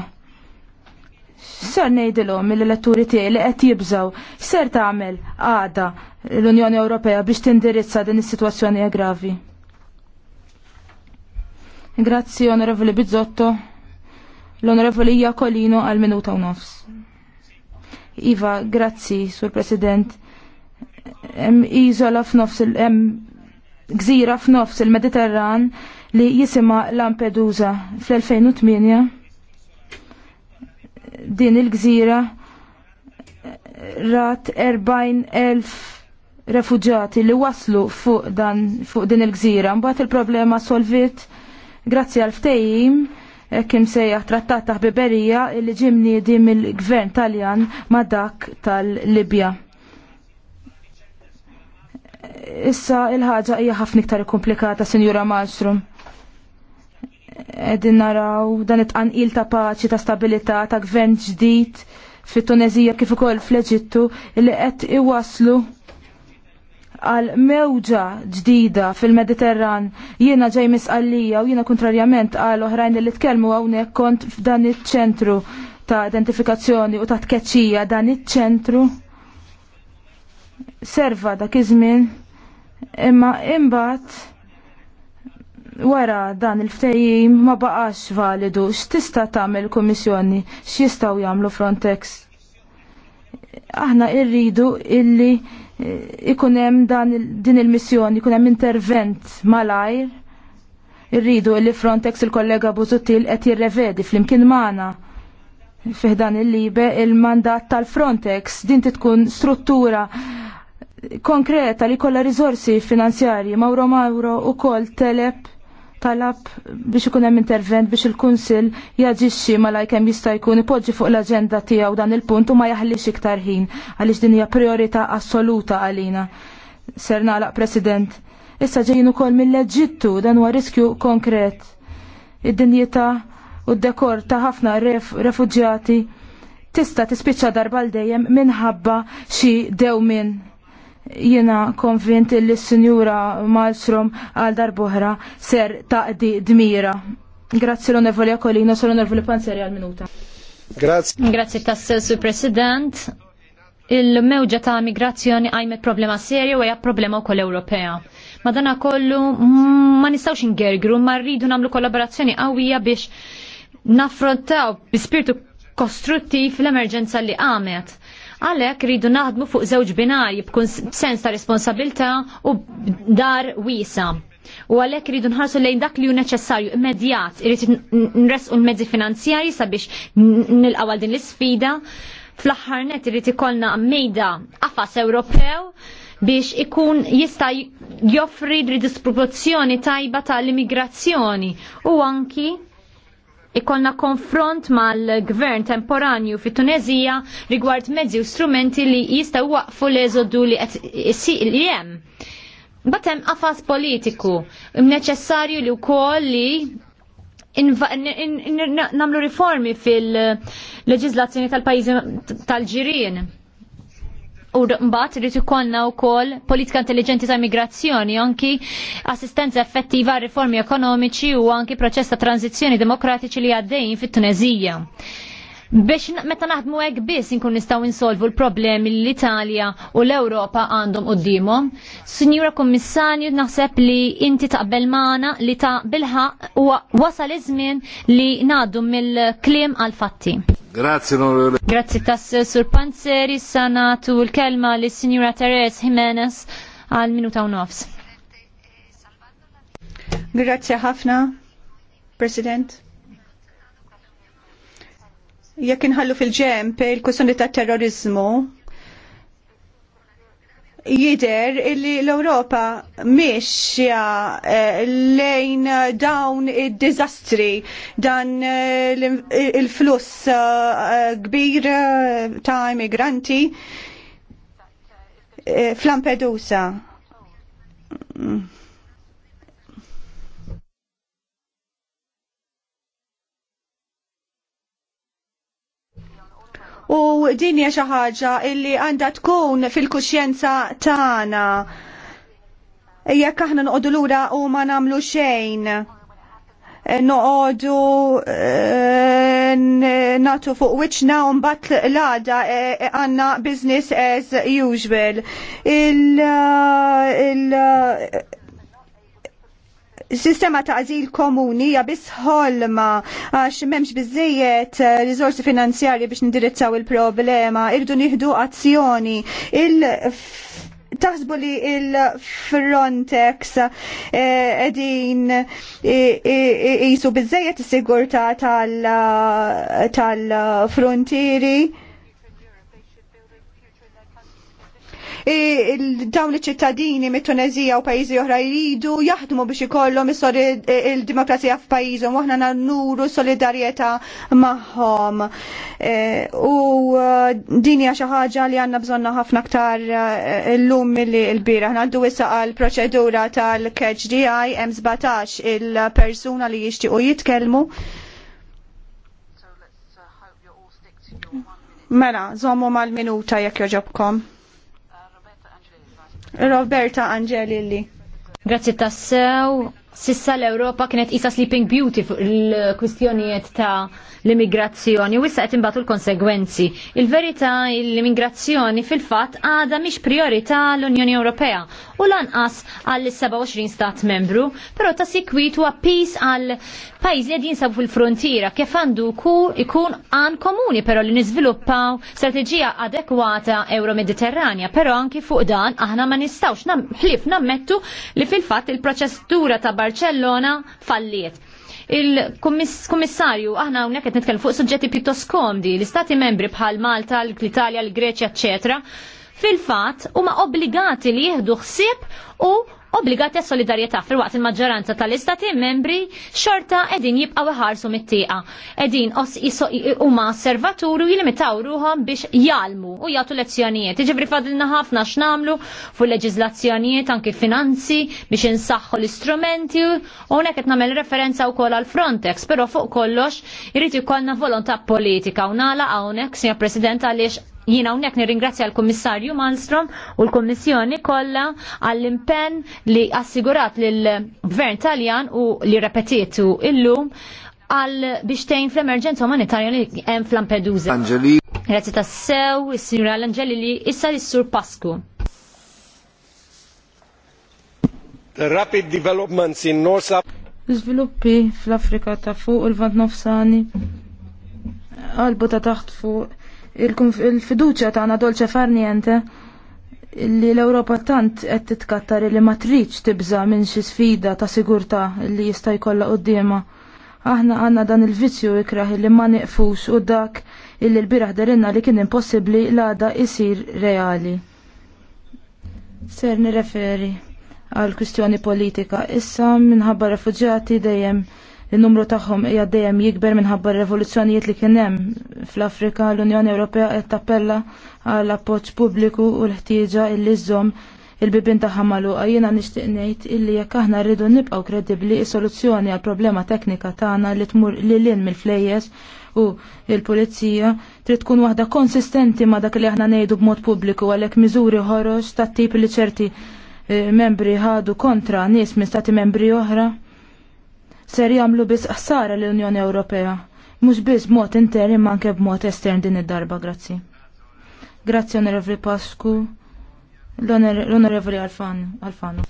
Ser ngħidilhom mill-elettori tiegħi li qed jibżaw, ser tagħmel għada l-Unjoni Ewropea biex tindirizza din is-sitwazzjoni gravi. Grazzi, onorevoli Bizzotto. l Iacolino al minuto minuta nofs. Iva, grazzi, sur President. Em isola f'nofs il em gżira f'nofs il-Mediterran li jisima Lampedusa fl-2008. Din il-gżira rat 40,000 refugjati li waslu fuq dan fuq din il-gżira. Mbagħad il-problema solvit Grazzi għal ftejim eh, kim sejjaħ trattat ta' ħbiberija li ġimni di mill-gvern taljan ma' dak tal-Libja. Issa il-ħaġa hija ħafna iktar komplikata, Sinjura Malmström. Edin naraw dan it-tqanqil ta' paċi, ta' stabilità, ta' gvern ġdid fit-Tunezija kif ukoll fl-Eġittu li qed iwaslu għal mewġa ġdida fil-Mediterran jiena ġej misqallija u jiena kontrarjament għal oħrajn li tkellmu hawnhekk kont f'dan iċ-ċentru ta' identifikazzjoni u ta' tkeċċija dan iċ-ċentru serva dak iż-żmien imma imbagħad wara dan il-ftehim ma baqax validu x'tista' tagħmel kummissjoni x'jistgħu jagħmlu Frontex. Aħna rridu illi ikunem dan din il-missjoni, ikunem intervent malajr, irridu li Frontex il-kollega Buzutil qed jirrevedi flimkien imkien magħna fiħdan il-libe il-mandat tal-Frontex din titkun struttura konkreta li kolla rizorsi finanzjarji mawro mawro u kol telep talab biex ikun hemm intervent biex il-Kunsill jaġixxi malaj kemm jista' jkun ipoġġi fuq l-aġenda tiegħu dan il-punt u ma jaħlix iktar ħin għaliex din hija priorità assoluta għalina. Ser nagħlaq President, issa ġejjin ukoll mill-Eġittu dan huwa riskju konkret. Id-dinjità u d-dekor ta' ħafna ref tista' tispiċċa darba l dejjem minħabba xi dewmin Jiena konvint li s-Sinjura Malstrom għal darbohra ser taqdi dmira. Grazzi l-onorevoli Akolino, l onorevoli Panzeri għal minuta. Grazzi. Grazzi tassessu President. Il-mewġa ta' migrazzjoni għajmet problema serju u għajja problema u kol Ewropea madana kollu ma nistawx ingergru, ma rridu namlu kollaborazzjoni qawwija biex naffrontaw bi spiritu kostruttiv l-emerġenza li għamet. Għalhekk rridu naħdmu fuq żewġ binarji b'kun sens ta' responsabilta u dar wiesa. U għalhekk rridu nħarsu lejn dak li hu neċessarju immedjat, irid nresqu l-mezzi finanzjari sabiex nilqawal din l-isfida. Fl-aħħar net irid ikollna mejda qafas Ewropew biex ikun jista' joffri disproporzjoni tajba tal-immigrazzjoni u anki ikolna konfront mal-gvern temporanju fit tunezija rigward mezzi u strumenti li jistaw waqfu l-eżodu li li jem. Batem għafas politiku, mneċessarju li wkoll li namlu riformi fil-leġizlazzjoni tal-pajjiżi tal-ġirien. U mbagħad irid ikollna wkoll politika intelligenti ta' migrazzjoni, anki assistenza effettiva għar riformi ekonomiċi u anki proċess ta' tranzizzjoni demokratiċi li għaddejjin fit-Tunezija biex meta naħdmu hekk biss inkun nistgħu insolvu l-problemi li l-Italja u l-Ewropa għandhom qudiemhom. Sinjura Kummissarju naħseb li inti taqbel magħna li ta' bilħaq wasal iż-żmien li ngħaddu mill-kliem għal fatti. Grazie. l Grazzi tas Sur Panzeri sanatu l-kelma li Sinjura Teres Jimenez għal minuta u nofs. Grazzi ħafna, President jekk inħallu fil-ġemp il-kussjoni ta' terrorizmu, jider illi l-Europa miexja eh, lejn dawn id-dizastri dan eh, il-fluss eh, kbir ta' immigranti fl-Lampedusa. Mm. u din hija xi ħaġa illi għandha tkun fil-kuxjenza tagħna. Jekk aħna noqogħdu lura u ma nagħmlu xejn e, noqogħdu e, natu fuq wiċċna u mbagħad l-għada e, għandna business as usual. il, sistema ta' azil komuni ja biss ħolma għax memx bizzejiet eh, rizorsi finanzjarji biex ndirizzaw il-problema, irdu nieħdu azzjoni. Il taħsbu li il-Frontex eh, edin jisu bizzejiet is-sigurta tal-frontieri. Tal dawn iċ-ċittadini mit-Tunezija u pajjiżi oħra jridu jaħdmu biex ikollhom il-demokrazija f'pajjiżhom e, u aħna nuru solidarjetà magħhom. U din hija xi ħaġa li għandna bżonna ħafna aktar e, llum milli l-bira. għandu issa għall proċedura tal-catch DI hemm 17 il-persuna li jixtiequ jitkellmu. Mela, zommu mal-minuta jekk joġobkom. Roberta Angelilli. Grazie tassew. Sissa l-Europa kienet isa sleeping beauty fuq il-kwistjonijiet ta' l-immigrazzjoni u issa qed imbagħtu l-konsegwenzi. Il-verità l-immigrazzjoni fil-fatt għadha mhix priorità l-Unjoni Ewropea u lanqas għall 27 stat membru, però ta' sikwit huwa pis għal pajjiżi qed jinsabu fil-frontiera kif għandu ikun għan komuni però li niżviluppaw strateġija adekwata Euro-Mediterranja, però anki fuq dan aħna ma nistgħux ħlif nammettu li fil-fatt il-proċestura ta' Barcellona falliet. Il-Kummissarju, aħna hawnhekk qed nitkellem fuq suġġetti pjuttost komdi, l-Istati membri bħal Malta, l-Italja, l-Greċja, eccetera. fil-fatt huma obbligati li jieħdu ħsieb u obbligati għas solidarjetà fil-waqt il-maġġoranza tal-istati membri xorta edin jibqaw iħarsu mit-tieqa. Edin os huma servaturu jilimitaw ruhom biex jalmu u jagħtu lezzjonijiet. Iġifri fadilna ħafna x'namlu fuq leġiżlazzjonijiet anke finanzi biex insaħħu l-istrumenti u hawnhekk qed nagħmel referenza wkoll għal Frontex, però fuq kollox irid ikollna volontà politika u nagħlaq hawnhekk, Sinja President, għaliex Jina unnek nirringrazzja l-Kommissarju Malmstrom u l-Kommissjoni kolla għall-impen li assigurat l-Gvern Taljan u li repetitu illum għal biex tgħin fl-emerġenza umanitarja li hemm fl-Lampedusa. Angeli. Grazzi tassew, is-Sinjura l-Angeli li issa l-Sur Pasku. The rapid developments in North Sviluppi fl-Afrika ta' fuq il-vant nofsani, qalbu ta' taħt fuq il-fiduċja tagħna far niente li l-Ewropa tant qed titkattar li ma tridx tibża minn xi sfida ta' sigurtà li jista' jkollha quddiemha. Aħna għandna dan il-vizzju ikraħ li ma neqfux u dak illi l-biraħ darinna li kien impossibbli l-għada jisir reali. Ser nirreferi għal kwistjoni politika issa minħabba refuġjati dejjem Il-numru tagħhom hija dejjem jikber minħabba r-revoluzzjonijiet li kien hemm fl-Afrika l-Unjoni Ewropea qed tappella għal appoġġ pubbliku u l-ħtieġa illi żżomm il-bibin tagħha magħluqa jiena nixtieq ngħid illi jekk aħna rridu nibqgħu kredibbli is-soluzzjoni għal problema teknika tagħna li tmur lil hinn mill-flejjes u il-pulizija trid tkun waħda konsistenti ma dak li aħna ngħidu b'mod pubbliku għalhekk miżuri ħoroġ tat-tip li ċerti eh, membri ħadu kontra nies minn stati membri oħra ser jagħmlu biss ħsara l-Unjoni Ewropea, mhux biss b'mod intern imma anke b'mod estern din id-darba, grazzi. Grazzi Onorevoli Pasku, l-Onorevoli Alfano.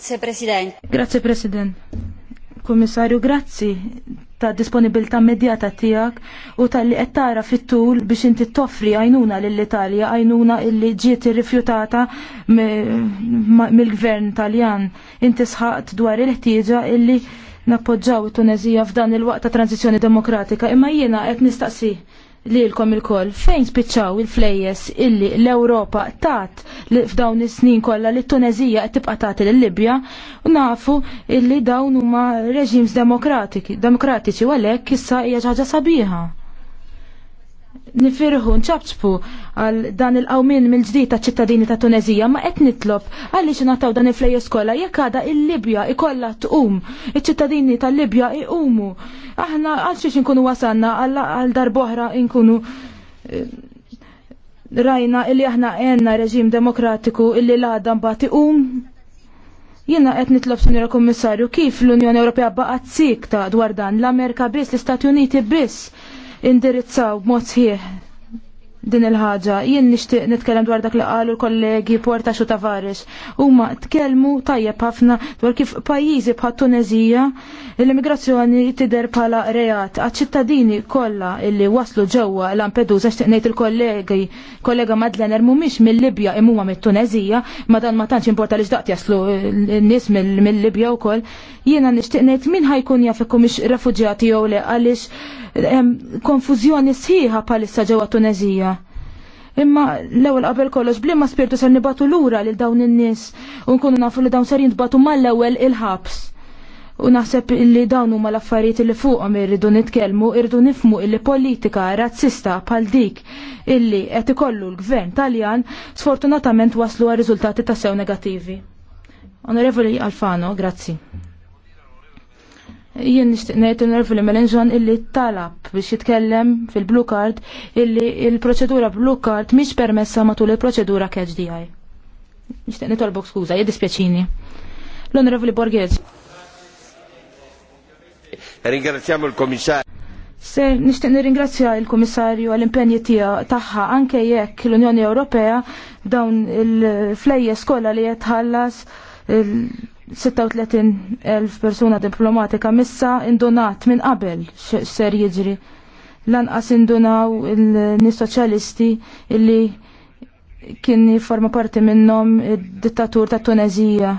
Grazie President. Grazie President. Kummissarju, grazzi ta' disponibilità medjata tijak u tal-li tara fit-tul biex inti toffri għajnuna l-Italja, għajnuna illi ġiet irrifjutata mill-gvern taljan. Inti sħaqt dwar il-ħtieġa illi nappoġġaw it-Tunezija f'dan il-waqt ta' tranzizjoni demokratika, imma jiena qed nistaqsi lilkom il-koll fejn spiċċaw il-flejjes illi l-Ewropa tat f'dawn is-snin kollha li t-Tunezija qed tibqa' tagħti lill-Libja u nafu illi dawn huma reġims demokratiċi demokratiċi u għalhekk issa hija ħaġa sabiħa nifirħu nċabċpu għal dan il-qawmin mill-ġdid ta' ċittadini ta' Tunezija ma qed nitlob għaliex nataw dan il-flejjes kollha jekk għada il-Libja ikolla tqum, iċ-ċittadini tal-Libja iqumu. Aħna għal xiex inkunu wasanna għal darboħra inkunu eh, rajna illi aħna għenna reġim demokratiku illi l-għadda mbagħad iqum. Jiena qed nitlob Sinjora Kommissarju, kif l-Unjoni Ewropea baqgħet sik ta' dwar dan l-Amerika biss, l-Istati Uniti biss indirizzaw b'mod sħiħ din il-ħaġa. Jien nixtieq nitkellem dwar dak li qalu l-kollegi Porta xu Tavares. Huma tkellmu tajjeb ħafna dwar kif pajjiżi bħat Tunezija l-immigrazzjoni tidher bħala reat għaċ-ċittadini kollha illi waslu ġewwa Lampedusa xtieq ngħid il-kollegi kollega Madlener mhumiex mill-Libja imuma mit-Tunezija, ma dan ma tantx importa li x'daqt jaslu eh, n-nies mill-Libja wkoll. Jiena nixtieq ngħid min ħajkun jaf ikku mhix refuġjati jew le għaliex eh, konfużjoni sħiħa bħalissa ġewwa Tunezija. Imma l-ewwel qabel kollox bliema spirtu ser nibatu lura lil dawn in-nies u nkunu nafu li dawn ser jintbatu mal-ewwel il-ħabs. U naħseb li dawn huma l-affarijiet li fuqhom irridu nitkellmu, irridu nifmu illi politika razzista bħal dik illi qed ikollu l-gvern Taljan sfortunatament waslu għal riżultati tassew negattivi. Onorevoli Alfano, grazzi jien nixtieq ngħid il-nervi Melenjon illi talab biex jitkellem fil-blue card illi il-proċedura blue card mhix permessa matul il-proċedura catch DI. Nixtieq nitolbok skuża, jiddispjaċini. l li Borghese. Ringrazzjamo l-komissar. Se nishtiq nirringrazzja il-Komissarju għall-impenji tiegħu tagħha anke jekk l-Unjoni Ewropea dawn il-flejjes kollha li qed tħallas 36.000 persuna diplomatika missa indunat minn qabel ser jiġri. Lanqas indunaw il-nis illi kien forma parti minnhom id-dittatur ta' Tunezija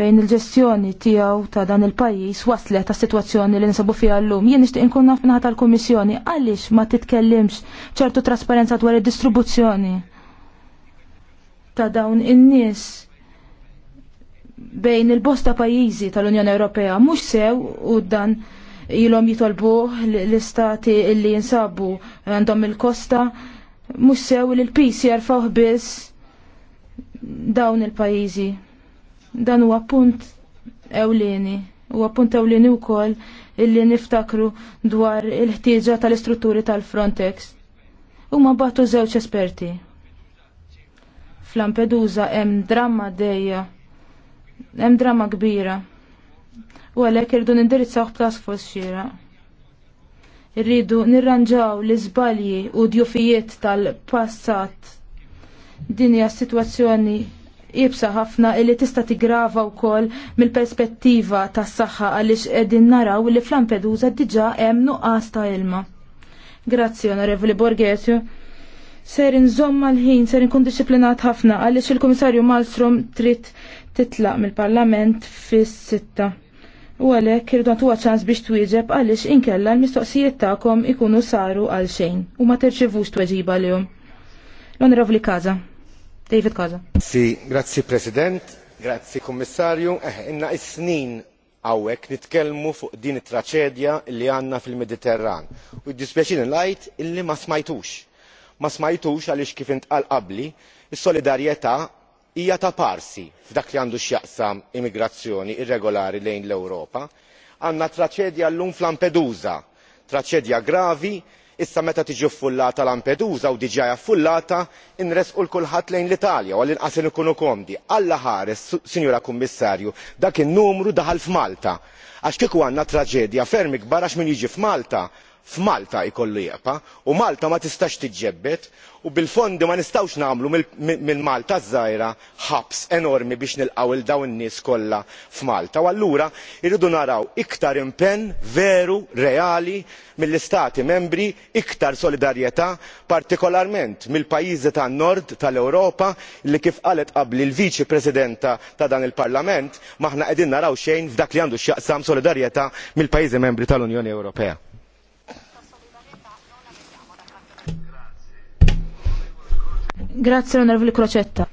fejn il-ġestjoni tiegħu ta' dan il-pajjiż waslet ta' sitwazzjoni li fija fiha llum. Jien nixtieq inkun naf tal-Kummissjoni għaliex ma titkellimx ċertu trasparenza dwar id-distribuzzjoni ta' dawn in-nies bejn il-bosta pajjiżi tal-Unjoni Ewropea mhux sew u dan ilhom jitolbu l-istati li jinsabu għandhom il-kosta mhux sew li l-pis jarfaw biss dawn il-pajjiżi. Dan huwa punt ewlieni, huwa punt ewlieni wkoll illi niftakru dwar il-ħtieġa tal-istrutturi tal-Frontex. Huma bagħtu żewġ esperti. Flampedusa hemm dramma dejja Hemm drama kbira. U għalhekk irridu nindirizzaw task force xira. Irridu nirranġaw l-iżbalji u djufijiet tal-passat. Din hija sitwazzjoni jibsa ħafna illi tista' tigrava wkoll mill-perspettiva tas-saħħa għaliex qegħdin naraw li fl-Lampedusa diġà hemm nuqqas ta' ilma. Grazzi, Onorevoli Borghesio ser nżomma l-ħin, ser nkun disciplinat ħafna għaliex il-Komissarju Malmstrom trid titlaq mill-Parlament fis-sitta. U għalhekk kirdu nagħtuha ċans biex twieġeb għaliex inkella l-mistoqsijiet tagħkom ikunu saru għal xejn u ma terċevux tweġiba jom. l onorabli Kaza. David Kaza. Si, grazzi President, grazzi Kummissarju, eh, inna is-snin għawek nitkellmu fuq din it-traċedja li għanna fil-Mediterran. U id-dispjaċin l lajt illi ma smajtux ma smajtux għaliex kif intqal qabbli is solidarjetà hija ta' parsi f'dak li għandu x'jaqsam immigrazzjoni irregolari lejn l-ewropa. għandna traċedja llum f'lampedusa traċedja gravi issa meta tiġi ffullata lampedusa u diġà hija ffullata inresqu lil kulħadd lejn l-italja u għall inqas inkunu komdi alla ħares sinjura kummissarju dak in numru daħal f'malta għax kieku għandna traġedja ferm ikbar għax min jiġi f'malta f'malta jkollu jeqa' u malta ma tistax tiġġebbed u bil fondi ma nistgħux nagħmlu minn malta żgħira ħabs enormi biex nilqgħu lil dawn in-nies kollha f'malta u allura rridu naraw iktar impenn veru reali mill-istati membri iktar solidarjetà partikolarment mill-pajjiżi tan-nord tal-ewropa li kif qalet qabli l-viċi presidenta ta' dan il-parlament m'aħna qegħdin naraw xejn f'dak li għandu x'jaqsam solidarjetà mill-pajjiżi membri tal-unjoni ewropea. Grazie l-onorevoli Crocetta.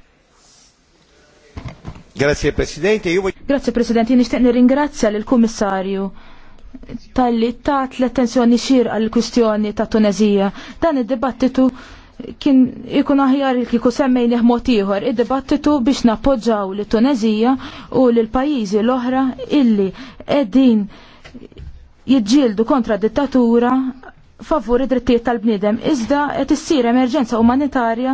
Grazie Presidente. Io... Grazie Presidente, nishtiq nirringrazzja l-Kummissarju tal-li tat l-attenzjoni xir għal-kwistjoni ta' Tunezija. Dan id-dibattitu kien ikun aħjar il-kiku semmejn iħmot ieħor id-dibattitu biex nappoġġaw li Tunezija u l pajjiżi l-oħra illi eddin jiġġieldu kontra dittatura favur id-drittijiet tal-bniedem, iżda qed issir emerġenza umanitarja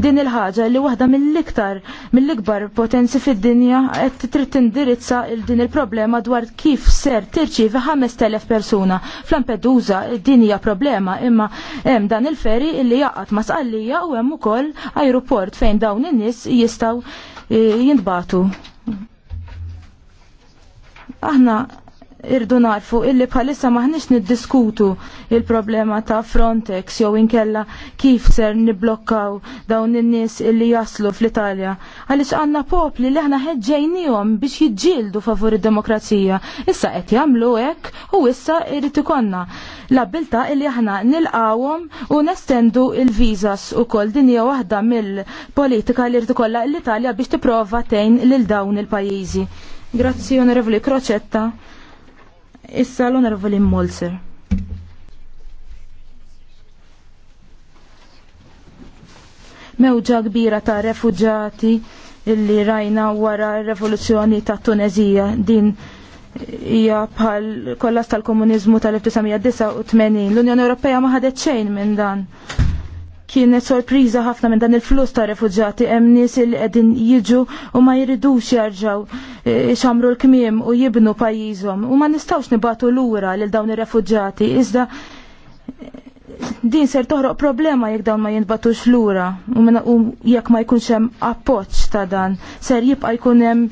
din il-ħaġa li waħda mill-iktar mill-ikbar potenzi fid-dinja qed trid tindirizza il din il-problema dwar kif ser tirċivi 5000 persuna. Flampedusa din hija problema imma hemm dan il-feri illi ma sqallija u hemm ukoll ajruport fejn dawn in-nies jistgħu eh, jintbatu. Aħna irdu narfu illi bħalissa maħnix niddiskutu il-problema ta' Frontex jew inkella kif ser niblokkaw dawn in-nies illi jaslu fl-Italja. Għaliex għandna popli li aħna ħeġġejnihom biex jiġġieldu favur id-demokrazija. Issa qed jagħmlu hekk u issa irid ikonna l-abilta illi aħna nilqawhom u nestendu il-viżas ukoll din hija waħda mill-politika li rid ikollha l-Italja biex tipprova tgħin lil dawn il-pajjiżi. Grazzi onorevoli Crocetta. Issa l-onorevoli Molzer. Mewġa kbira ta' refugġati illi rajna wara r-revoluzzjoni ta' Tunezija din hija bħal kollas tal-komuniżmu tal-1989. L-Unjoni Ewropea ma ħadet xejn minn dan kienet sorpriża ħafna minn dan il-flus ta' refugġati, hemm nies li qegħdin jiġu u ma jiridux jarġgħu e, xamru l-kmiem u jibnu pajjiżhom u ma nistgħux nibatu lura lil dawn ir refuġġati iżda din ser toħroq problema jekk dawn ma jinbatux lura u jekk ma jkunx hemm appoġġ ta' dan ser jibqa' jkun hemm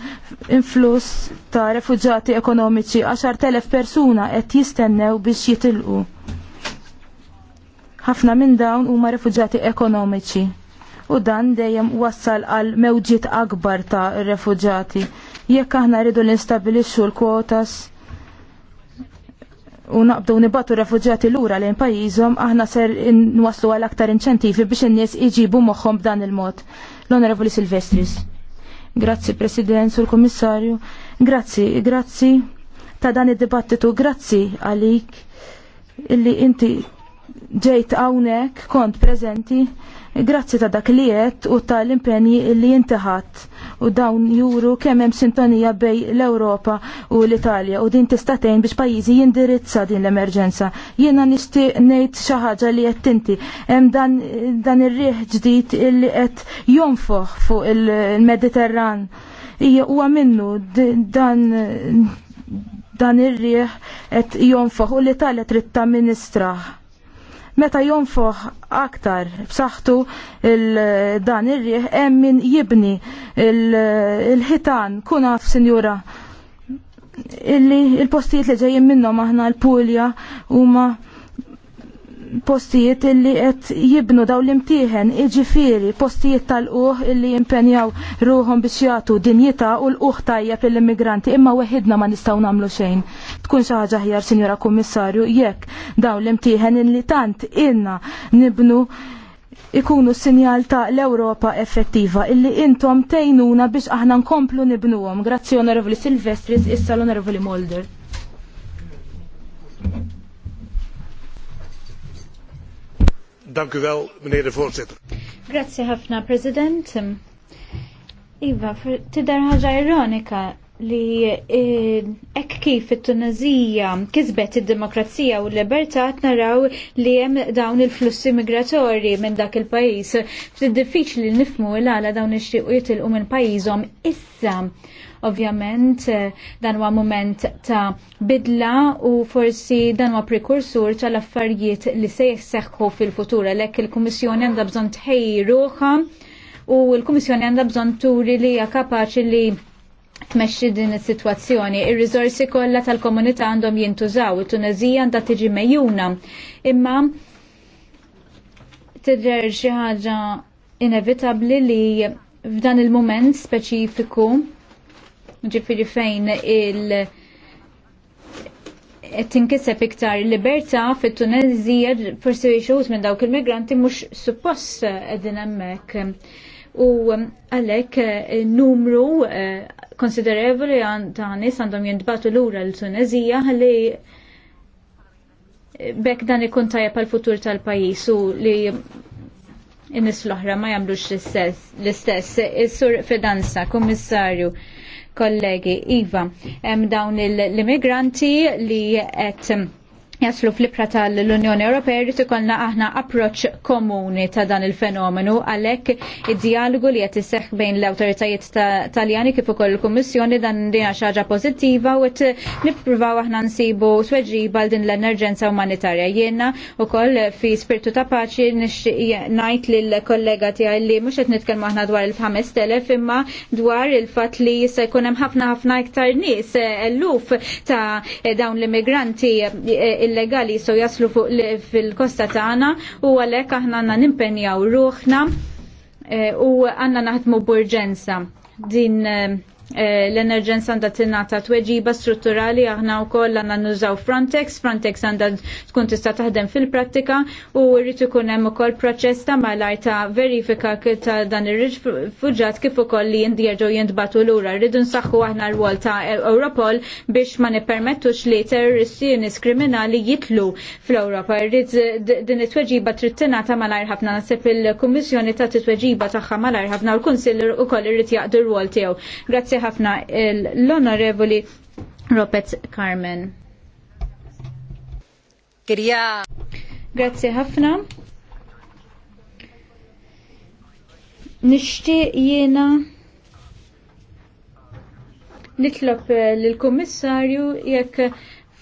influss ta' refuġġati ekonomiċi telef persuna qed jistennew biex jitilqu. Ħafna minn dawn huma rifuġjati ekonomiċi u dan dejjem wassal għal mewġiet akbar ta' rifuġjati. Jekk aħna rridu nistabilixxu l-kwotas u naqbdu nibatu refuġati lura lejn pajjiżhom, aħna ser nwaslu għal aktar inċentivi biex in-nies iġibu moħħhom b'dan il-mod. L-Onorevoli Silvestris. Grazzi President, Sur Kommissarju. Grazzi, grazzi ta' dan id-dibattitu, grazzi għalik illi inti ġejt għawnek, kont prezenti, grazzi ta' dak li jett u tal-impenji li jintiħat. u dawn juru kemm hemm sintonija bej l-Ewropa u l-Italja u din tista' tgħin biex pajjiżi jindirizza din l-emerġenza. Jiena nixtieq ngħid xi ħaġa li jett tinti. Hemm dan, dan ir-riħ ġdid illi qed jonfoħ fuq il-Mediterran. Hija huwa minnu dan dan ir-riħ qed jonfoħ u l-Italja trid ta' ministraħ meta jonfoħ aktar b'saħħtu dan ir-rieħ hemm min jibni il-ħitan kun għaf sinjura illi il-postijiet li ġejjin minnhom aħna l-Pulja huma postijiet illi qed jibnu daw l-imtieħen, iġifiri postijiet tal-uħ illi jimpenjaw ruhom biex jagħtu dinjità u l-uħ tajjeb lill-immigranti imma weħidna ma nistgħu nagħmlu xejn. Tkun xi ħaġa ħjar, Sinjora Kummissarju, jekk daw l-imtieħen illi tant inna nibnu ikunu sinjal ta' l-Europa effettiva illi intom tejnuna biex aħna nkomplu nibnuhom. Grazzi Onorevoli Silvestris, issa l-Onorevoli Molder. Dank u wel, meneer de voorzitter. Grazie ħafna, President. Iva, tidher ħaġa ironika li hekk e, kif it-Tunezija kisbet id-demokrazija u l-libertà naraw li hemm dawn il-flussi migratorji minn dak il-pajjiż. Ftit diffiċli nifmu l-għala dawn ix il jitilqu minn pajjiżhom issa Ovvjament eh, dan huwa moment ta' bidla u forsi dan huwa prekursur tal-affarijiet li se jseħħu fil-futur għalhekk il-Kummissjoni għandha bżonn tħejji ruħha u l-Kummissjoni għandha bżonn turi li hija kapaċi li tmexxi din is-sitwazzjoni. Ir-riżorsi kollha tal-komunità għandhom jintużaw, it-Tunezija għandha tiġi mejjuna. Imma tidher xi ħaġa inevitabbli li f'dan il-mument speċifiku ġifiri fejn il- tinkiseb iktar libertà fit-Tunezija forsi xewt minn dawk il-migranti mhux suppost qegħdin hemmhekk. U għalhekk eh, numru eh, konsiderevoli ta' nies għandhom jintbatu lura l-Tunezija ħalli bekk dan ikun tajjeb għall futur tal-pajis u li n-nis l-oħra ma jagħmlux l-istess. Is-sur Fedanza, Kummissarju, kollegi. Iva, hemm dawn l-immigranti li qed jaslu fl-ipra tal-Unjoni Ewropea jrid ikollna aħna approċċ komuni ta' dan il-fenomenu għalhekk id-dialogu li qed iseħħ bejn l-awtoritajiet Taljani kif ukoll il-Kummissjoni dan dinha xi ħaġa pożittiva u qed nippruvaw aħna nsibu tweġiba għal din l-emerġenza umanitarja. Jiena wkoll fi spirtu ta' paċi ngħid lill-kollega tiegħi li mhux qed nitkellmu aħna dwar il-5000 imma dwar il-fatt li se jkun hemm ħafna ħafna iktar nies eh, eluf ta' eh, dawn l-immigranti eh, illegali so jaslu fuq fil-kosta tagħna u għalhekk aħna għandna nimpenjaw ruħna eh, u għandna naħdmu burġenza din eh, Eh, l-emerġenza għandha tingħata tweġiba strutturali aħna wkoll għandna nużaw Frontex, Frontex għandha tkun tista' taħdem fil-prattika u rrid ikun hemm ukoll proċess ta' malajr ta' verifika ta' dan ir-rifuġġat kif ukoll li jindjerġu jintbatu lura. Rridu nsaħħu aħna r-wol ta' e- Europol biex ma nippermettux li terroristi niskriminali jitlu fl-Ewropa. Rrid din it-tweġiba trid tingħata malajr ħafna naħseb il-Kummissjoni ta' titweġiba tagħha malajr ħafna u l-Kunsill ukoll irrid jaqdu r-wol tiegħu. Grazzi Grazzi ħafna l-Onorevoli Robert Carmen. Kirja. Grazzi ħafna. Nishti jiena nitlob eh, lill-Kummissarju jekk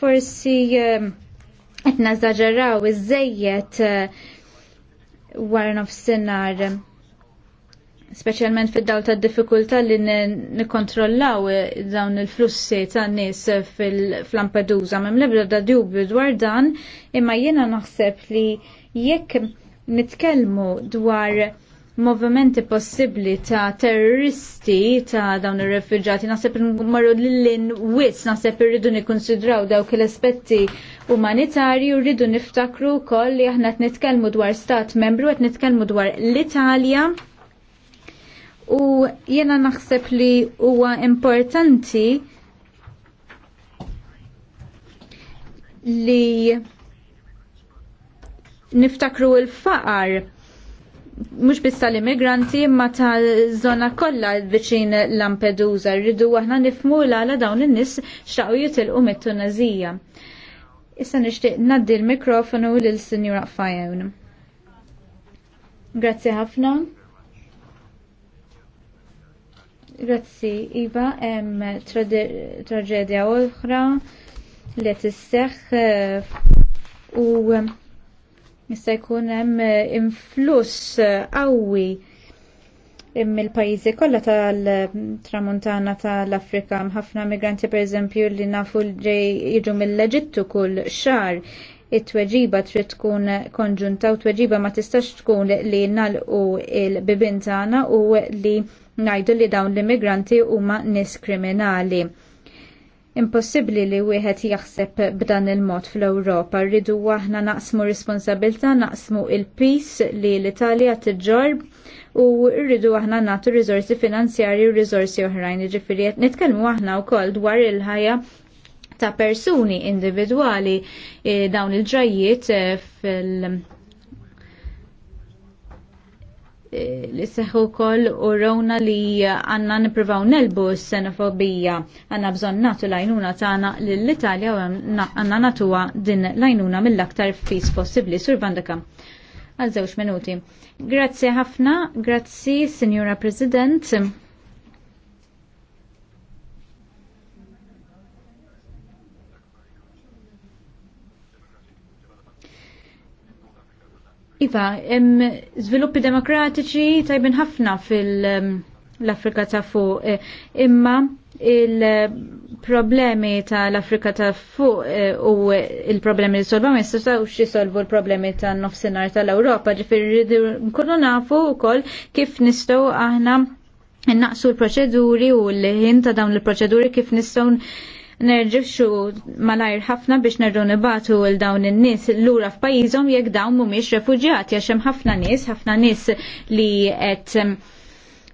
forsi eh, qed zaġaraw iż-żejjed of eh, nofsinhar specialment fid-dawl ta' diffikultà li nikkontrollaw dawn il-flussi ta' nies fil-Lampedusa. Mem lebda da' dubju dwar dan, imma jiena naħseb li jekk nitkellmu dwar movimenti possibbli ta' terroristi ta' dawn ir-refuġati naħseb marru lil-lin wis naħseb irridu nikkonsidraw dawk l-aspetti umanitarji u rridu niftakru wkoll li aħna qed nitkellmu dwar stat membru qed nitkellmu dwar l-Italja u jena naħseb li huwa importanti li niftakru l faqar mux biss tal-immigranti imma tal-zona kollha viċin Lampedusa rridu aħna nifmu l dawn in-nies xtaqgħu jitilqu mit-Tunezija. Issa nixtieq naddi l-mikrofonu lil Sinjura Fajewn. Grazzi ħafna. Grazzi, Iva, hemm traġedja oħra li tisseħħ eh, u eh, jista' jkun hemm eh, influss qawwi mill-pajjiżi kollha tal-tramuntana tal-Afrika ħafna migranti pereżempju li nafu ġej jiġu mill-Eġittu kull xar it-tweġiba trid tkun konġunta u tweġiba ma tistax tkun li nalqu il-bibin tagħna u li ngħidu li dawn l-immigranti huma nis kriminali. Impossibbli li wieħed jaħseb b'dan il-mod fl-Ewropa. Rridu aħna naqsmu responsabilta, naqsmu il peace li l-Italja tiġġor u rridu aħna nagħtu riżorsi finanzjarji u riżorsi oħrajn. Ġifieri qed nitkellmu aħna wkoll dwar il-ħajja ta' persuni individwali e, dawn il-ġrajiet eh, fil- Eh, li seħu kol u rowna li għanna niprivaw nelbu s-senofobija. Għanna bżon natu lajnuna tana l-Italja u għanna natuwa din lajnuna mill-aktar fis possibli. Sur Vandaka, għal zewx minuti. Grazzi ħafna, grazzi, Signora President. Iva, hemm żviluppi demokratiċi tajbin ħafna fil-Afrika um, ta' fuq, eh, imma il-problemi tal-Afrika ta' fuq eh, u il-problemi li solvaw ma jistgħux solvu l-problemi tan nofsinhar tal-Ewropa, ġifieri nkunu nafu kol kif nistow aħna naqsu l-proċeduri u l-ħin ta' dawn il proċeduri kif nistgħu nerġifxu malajr ħafna biex nerġu nibatu il dawn in-nies lura f'pajjiżhom jekk dawn mhumiex refuġjati għax hemm ħafna nies, ħafna nies li qed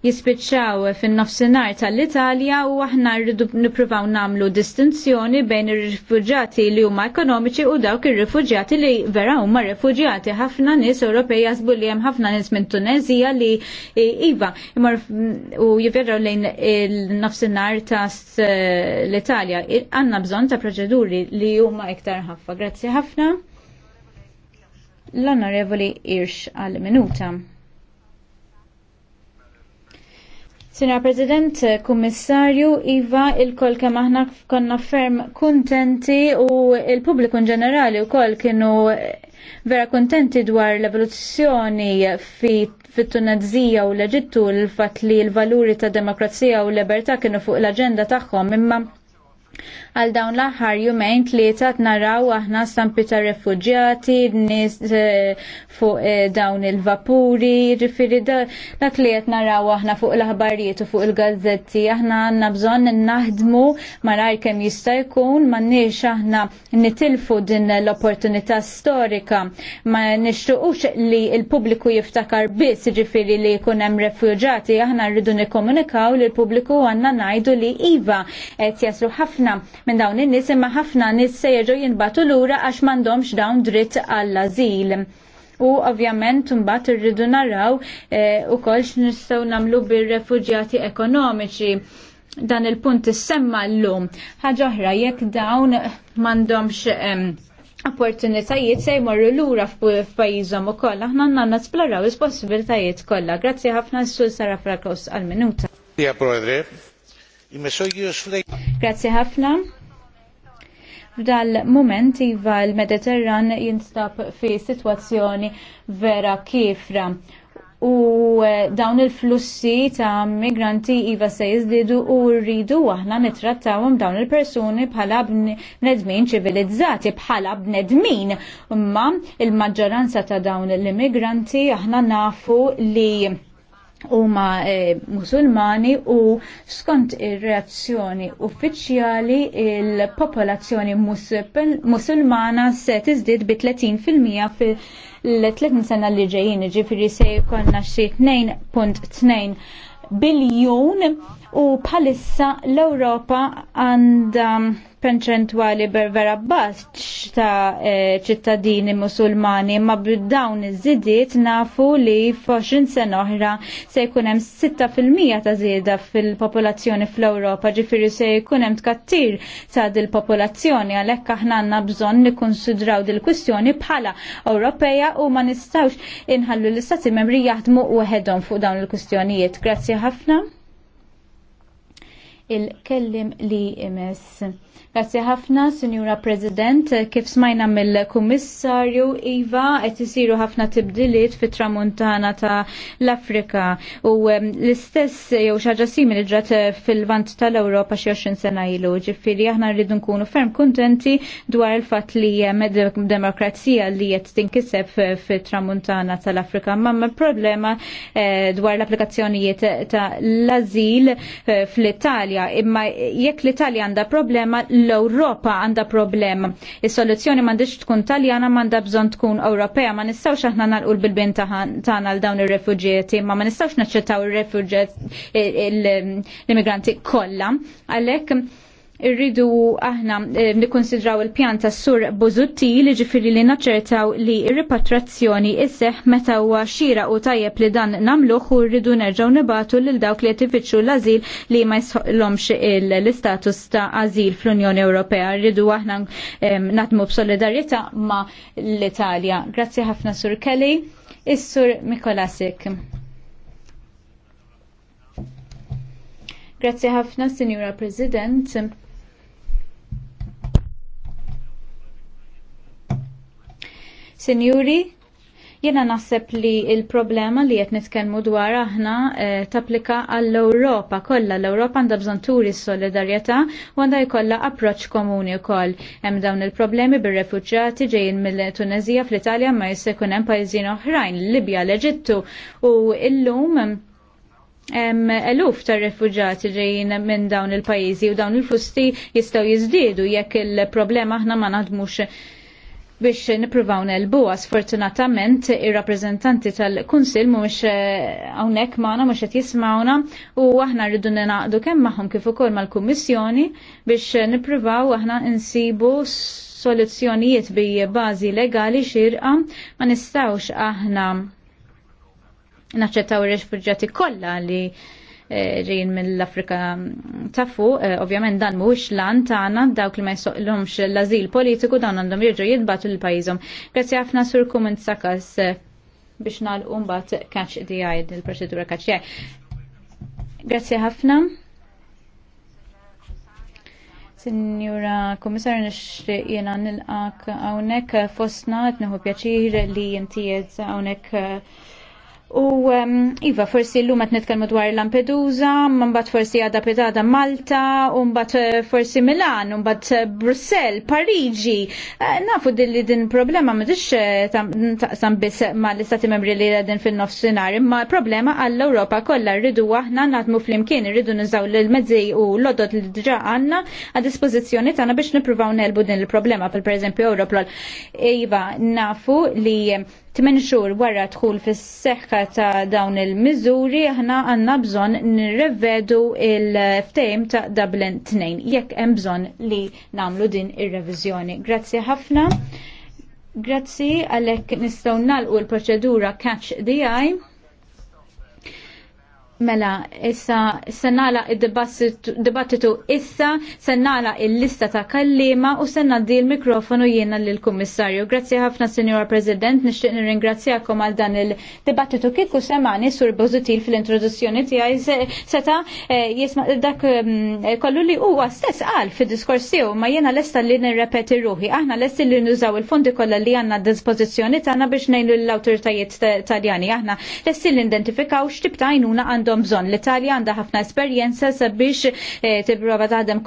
jispiċċaw fin-nofsinhar tal-Italja u aħna rridu nippruvaw nagħmlu distinzjoni bejn ir-rifuġjati li huma ekonomiċi u dawk ir-rifuġjati li vera huma rifuġjati. Ħafna nies Ewropej jasbu li hemm ħafna nies minn Tunezija li iva imar u jivjerraw lejn il-nofsinhar ta' l-Italja. Għandna bżonn ta' proċeduri li huma iktar ħafna. Grazzi ħafna. L-Onorevoli Irx għal-minuta. Sina President, Kummissarju, Iva, il-kol kem aħna konna ferm kontenti u il-pubbliku ġenerali u kol kienu eh, vera kontenti dwar l-evoluzzjoni fit tunazija u l-Eġittu l-fat li l-valuri ta' demokrazija u l-libertà kienu fuq l-agenda tagħhom imma għal dawn l-aħħar jumejn tlieta naraw aħna stampi ta' refuġjati, eh, fuq eh, dawn il-vapuri, ġifiri dak li qed naraw aħna fuq l-aħbarijiet u fuq il-gazzetti, aħna għandna bżonn naħdmu malajr kemm jista' jkun m'għandniex aħna nitilfu din l-opportunità storika. Ma nixtuqux li l-pubbliku jiftakar biss ġifiri li jkun hemm refuġjati, aħna rridu nikkomunikaw li l-pubbliku għandna ngħidu li iva qed jaslu ħafna minn dawn in-nies imma ħafna nies se jerġgħu jinbatu lura għax m'għandhomx dawn dritt għall-ażil. U ovvjament mbagħad irridu naraw eh, ukoll x'nistgħu nagħmlu bir-refuġjati ekonomiċi dan il-punt issemma llum. Ħaġa oħra jekk dawn m'għandhomx opportunitajiet se jmorru lura f'pajjiżhom ukoll. Aħna għandna nesploraw is-possibilitajiet kollha. Grazzi ħafna s-sul Sara Frakos għal-minuta. Grazie ħafna. F'dal moment iva l-Mediterran jinstab fi situazzjoni vera kifra u eh, dawn il-flussi ta' migranti iva se jizdidu u rridu aħna nitrattawhom dawn il-persuni bħala bnedmin ċivilizzati bħala bnedmin. Imma il-maġġoranza ta' dawn l-immigranti aħna nafu li huma eh, musulmani u skont ir-reazzjoni uffiċjali il-popolazzjoni musulmana se tiżdied bi 30% fil-30 sena li ġejjin, ġifieri se jkollna xi 2.2 biljun U bħalissa l-Europa għandha um, perċentwali bervera baċ ta' eh, ċittadini musulmani ma b'dawn iż-żidiet nafu li f'20 sena oħra se jkun hemm 6% ta' żieda fil-popolazzjoni fl-Ewropa, ġifieri se jkun hemm tkattir ta' dil-popolazzjoni għalhekk aħna għandna bżonn nikkonsidraw dil-kwistjoni bħala Ewropeja u ma nistgħux inħallu l-istati membri jaħdmu weħedhom fuq dawn il-kwistjonijiet. Grazzi ħafna il-kellim li imess. Grazzi ħafna, Sinjura President, kif smajna mill-Kummissarju Iva qed isiru ħafna tibdiliet fit-tramuntana ta' l-Afrika u l-istess jew xi ħaġa simili ġrat fil-vant tal-Ewropa xi 20 sena ilu. Ġifieri aħna rridu nkunu ferm kuntenti dwar il-fatt li hemm demokrazija li qed tinkiseb fit-tramuntana tal-Afrika. Mamma problema eh, dwar l-applikazzjonijiet ta' l-azil eh, fl-Italja, imma jekk l-Italja għandha problema l-Ewropa għandha problem. Is-soluzzjoni m'għandix tkun Taljana m'għandha bżonn tkun Ewropea, ma nistgħux aħna nalqu l-bilbin tagħna l dawn ir-refuġjeti, ma ma nistgħux naċċettaw ir-refuġjeti l-immigranti kollha. Għalhekk irridu aħna eh, nikkonsidraw il-pjan sur Bozutti li ġifiri li naċertaw li ripatrazzjoni isseħ meta huwa xira u tajjeb li dan namluħ u rridu nerġaw nibatu lil dawk li tifittxu l-azil li ma jisħolomx l-istatus ta' azil fl-Unjoni Ewropea. Rridu aħna natmu b'solidarjetà ma l-Italja. Grazzi ħafna sur Kelly. Is-sur Mikolasik. Grazzi ħafna, Signora President. Sinjuri, Jiena naħseb li il-problema li qed nitkellmu dwar aħna eh, tapplika għall-Ewropa kollha. L-Ewropa għandha bżonn turi s-solidarjetà u għandha jkollha approċċ komuni wkoll. Hemm dawn il-problemi bir refuġġjati ġejjin mill-Tunezija fl-Italja ma jista' jkun hemm pajjiżin oħrajn, Libja, l-Eġittu u llum Hemm eluf ta' refugġati ġejjin minn dawn il-pajjiżi u dawn il-fusti jistgħu jiżdiedu jekk il-problema aħna ma naħdmux biex nipruvaw nelbuwa. Sfortunatament, ir-rappreżentanti tal-Kunsil mhux eh, hawnhekk magħna mhux qed jismawna u aħna rridu ninaqdu kemm magħhom kif ukoll mal-Kummissjoni biex nippruvaw aħna insibu soluzzjonijiet bi bażi legali xirqa ma nistawx aħna naċċettaw ir-refuġġjati kollha li ġejin eh, mill-Afrika ta' eh, ovvjament dan mhuwiex lan tagħna dawk li ma jsoqlhomx l azil politiku dawn għandhom jirġu jitbatu l pajjiżhom Grazzi ħafna sur kumment sakas eh, biex nagħlqu mbagħad catch the għajd il-proċedura catch Grazzi ħafna. Signora Komissar, nixtieq jiena nilqak hawnhekk fostna qed nieħu pjaċir li jintied hawnhekk U um, iva, forsi l-lum għat netkelmu dwar Lampedusa, mbat forsi għada pedada Malta, mbat eh, forsi Milan, mbat eh, Brussel, Parigi. Uh, eh, nafu dilli din problema dix taqsam bis ma l-istati membri li għadin fil-nofsinar, ma problema għall-Europa kolla rridu għahna natmu fl-imkien, rridu nizaw l-mezzi u l-odot li dġa għanna għad dispozizjoni tana biex nipruvaw nelbu din il-problema, per eżempju Europol. Iva, nafu li Tmen xhur wara dħul fis-seħħa ta' dawn il-miżuri aħna għandna bżonn nirrevedu il-ftehim ta' Dublin 2 jekk hemm bżonn li nagħmlu din ir-reviżjoni. Grazzi ħafna. Grazzi għalhekk nistgħu nagħlqu l-proċedura catch the eye. Mela, issa sennala id-dibattitu issa, sennala il-lista ta' kallima u senna di l-mikrofonu jiena l-Kummissarju. Grazzi ħafna, Signora President, nishtiq nirringrazzjakom għal dan il-dibattitu kikku semani sur Bozutil fil-introduzzjoni tiegħi seta eh, jisma dak mm, kollu li huwa stess qal fid-diskors tiegħu ma jiena lesta li nirrepeti ruħi. Aħna l-esta li nużaw il-fondi kollha li għandna ta' tagħna biex nejlu l-awtoritajiet Taljani. Aħna l-esta li identifikaw x'tib ta' għajnuna għandu għandhom bżonn. L-Italja għandha ħafna esperjenza sabiex eh, tipprova taħdem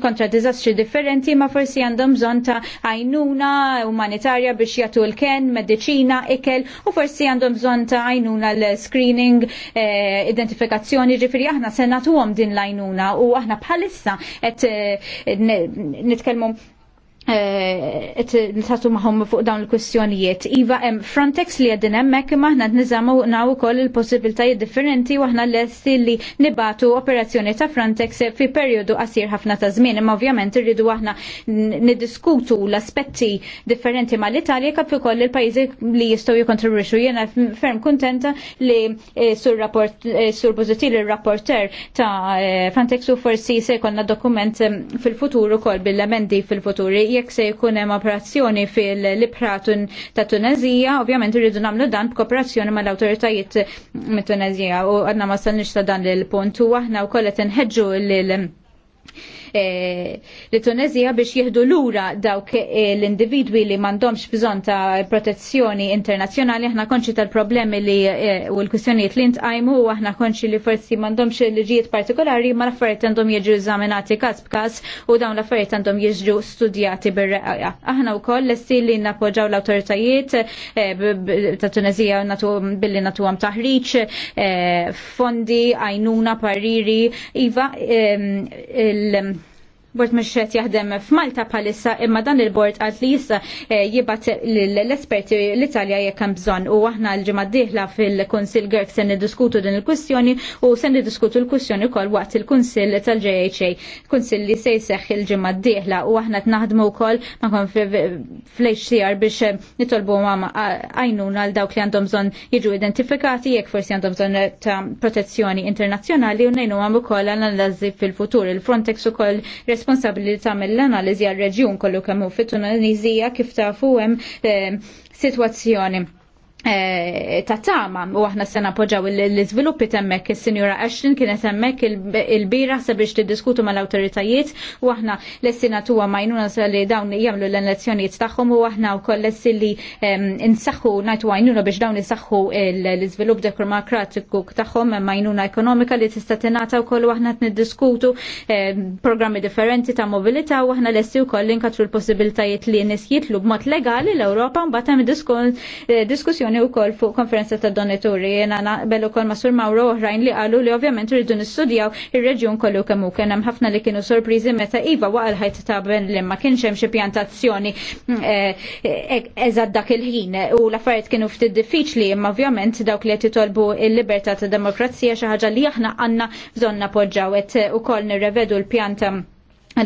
kontra diżastri differenti ma forsi għandhom bżonn ta' għajnuna umanitarja biex jagħtu l-ken, medicina, ikel u forsi għandhom bżonn ta' għajnuna l-screening, eh, identifikazzjoni, ġifiri aħna se nagħtuhom din l-għajnuna u aħna bħalissa qed eh, nitkellmu Eh, nitħatu maħom fuq dawn il-kwestjonijiet. Iva, em, Frontex li għedin emmek maħna nizamu naw kol il-possibiltajiet differenti waħna l-esti li nibatu operazzjoni ta' Frontex fi periodu qasir ħafna ta' żmien, imma ovvjament irridu aħna niddiskutu l-aspetti differenti ma' l-Italja kif ukoll il-pajjiżi li jistgħu jikontribwixxu. Jiena ferm kuntenta li eh, sur rapport eh, sur Bużutil ir-rapporter ta' Frontex u forsi se jkollna dokument fil-futur ukoll bil-emendi fil-futur jekk se jkun hemm operazzjoni fil-Libratun ta' Tunezija, ovvjament irridu nagħmlu dan b'kooperazzjoni mal-awtoritajiet mit-Tunezija u għadna ma sanniex ta' dan il-punt u aħna wkoll qed inħeġġu lil Eh, li Tunezija biex jihdu lura dawk eh, l-individwi li mandomx bżon ta' protezzjoni internazjonali, aħna konċi tal-problemi li eh, u l-kwistjonijiet li ntqajmu, u aħna konċi li forsi mandomx liġijiet partikolari, ma l-affarijiet għandhom jiġu eżaminati kas b'kas u dawn l-affarijiet għandhom jiġu studjati bir-reqqa. Aħna wkoll l-essi li nappoġġaw l-autoritajiet ta' Tunezija billi natu għam taħriċ, fondi, għajnuna, pariri, iva, il- Bord mux xed jaħdem f'Malta palissa imma dan il-bord għad li jissa eh, jibat l-esperti l-Italja jekk hemm bżonn u aħna l-ġimgħa dieħla fil-Kunsill Grek se niddiskutu din il kussjoni u se niddiskutu l kussjoni wkoll waqt il-Kunsill tal-JHA, Konsil li se jseħħ il-ġimgħa d-dieħla u aħna tnaħdmu wkoll magħhom fl-HCR biex eh, nitolbu ma għajnuna għal dawk li għandhom bżonn jiġu identifikati jekk forsi għandhom bżonn ta' protezzjoni internazzjonali u ngħinuhom ukoll għal fil-futur il-Frontex ukoll responsabbli li tagħmel l-analiżi għal-reġjun kollu kemm hu fit-Tunizija kif tafu hemm eh, sitwazzjoni Eh, ta' tama u aħna sena poġaw l-izviluppi temmek il-Sinjura Ashton kienet temmek il-bira sabiex tiddiskutu mal autoritajiet u aħna l-essina tuwa majnuna li dawn jamlu l-elezzjoniet tagħhom u aħna u koll lessi li insaxhu najtu għajnuna biex dawn insaxhu l-izvilupp demokratiku tagħhom majnuna ekonomika li tista' tingħata wkoll u aħna t-diskutu programmi differenti ta' mobilità u aħna lessi wkoll inkatru l-possibilitajiet li nisjitlu b b'mod legali l-Ewropa mbagħad hemm eh, diskussjoni diskussjoni wkoll fuq konferenza ta' donaturi na naqbel ukoll ma' Sur Mauro oħrajn li qalu li ovvjament irridu nistudjaw ir-reġjun kollu kemm hu hemm ħafna li kienu sorpriżi meta iva waqal ħajt ta' ben li ma kienx hemm xi pjantazzjoni eh, eżatt dak il-ħin u l-affarijiet kienu ftit diffiċli imma ovvjament dawk li qed jitolbu l-libertà ta' demokrazija xi ħaġa li aħna għandna bżonn napoġġaw qed ukoll nirrevedu l-pjanta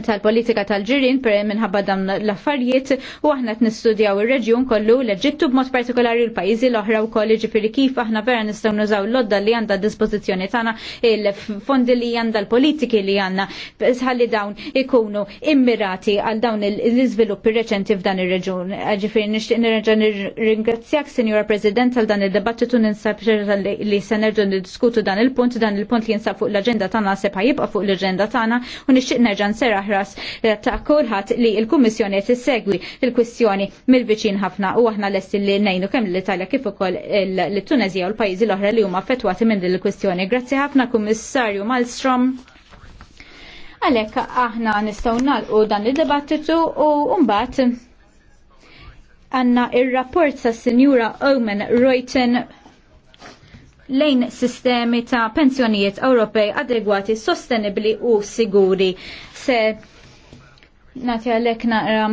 tal-politika tal-ġirin per minħabba dam l-affarijiet u aħna t-nistudjaw il-reġjun kollu l-Eġittu b'mod partikolari l-pajizi l-oħra u kolli ġifiri kif aħna vera nistaw nużaw l odda li għanda dispozizjoni tana il-fondi li għanda l-politiki li għanna sħalli dawn ikunu immirati għal dawn l-izviluppi reċenti f'dan il-reġjun. Ġifiri nishtiq nirġan ringrazzjak, Senjora President, għal dan il-debattitu ninsab li senerġu diskutu dan il-punt, dan il-punt li jinsab fuq l-agenda tana sepa jibqa fuq l-agenda tana u nishtiq nerġan serraħ taħras ta' kulħadd li l-Kummissjoni tissegwi il-kwistjoni mill-viċin ħafna u aħna lesti li nejnu kemm l-Italja kif ukoll l-Tunezija u l-pajjiżi l-oħra li huma affettwati minn din il-kwistjoni. Grazzi ħafna Kummissarju Malmstrom. Għalhekk aħna nistgħu nagħlqu dan id-dibattitu u mbagħad għanna il-rapport sa' Sinjura Omen Reuten lejn sistemi ta' pensjonijiet Ewropej adegwati, sostenibli u siguri se nati għalek naqra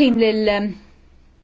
ħin lil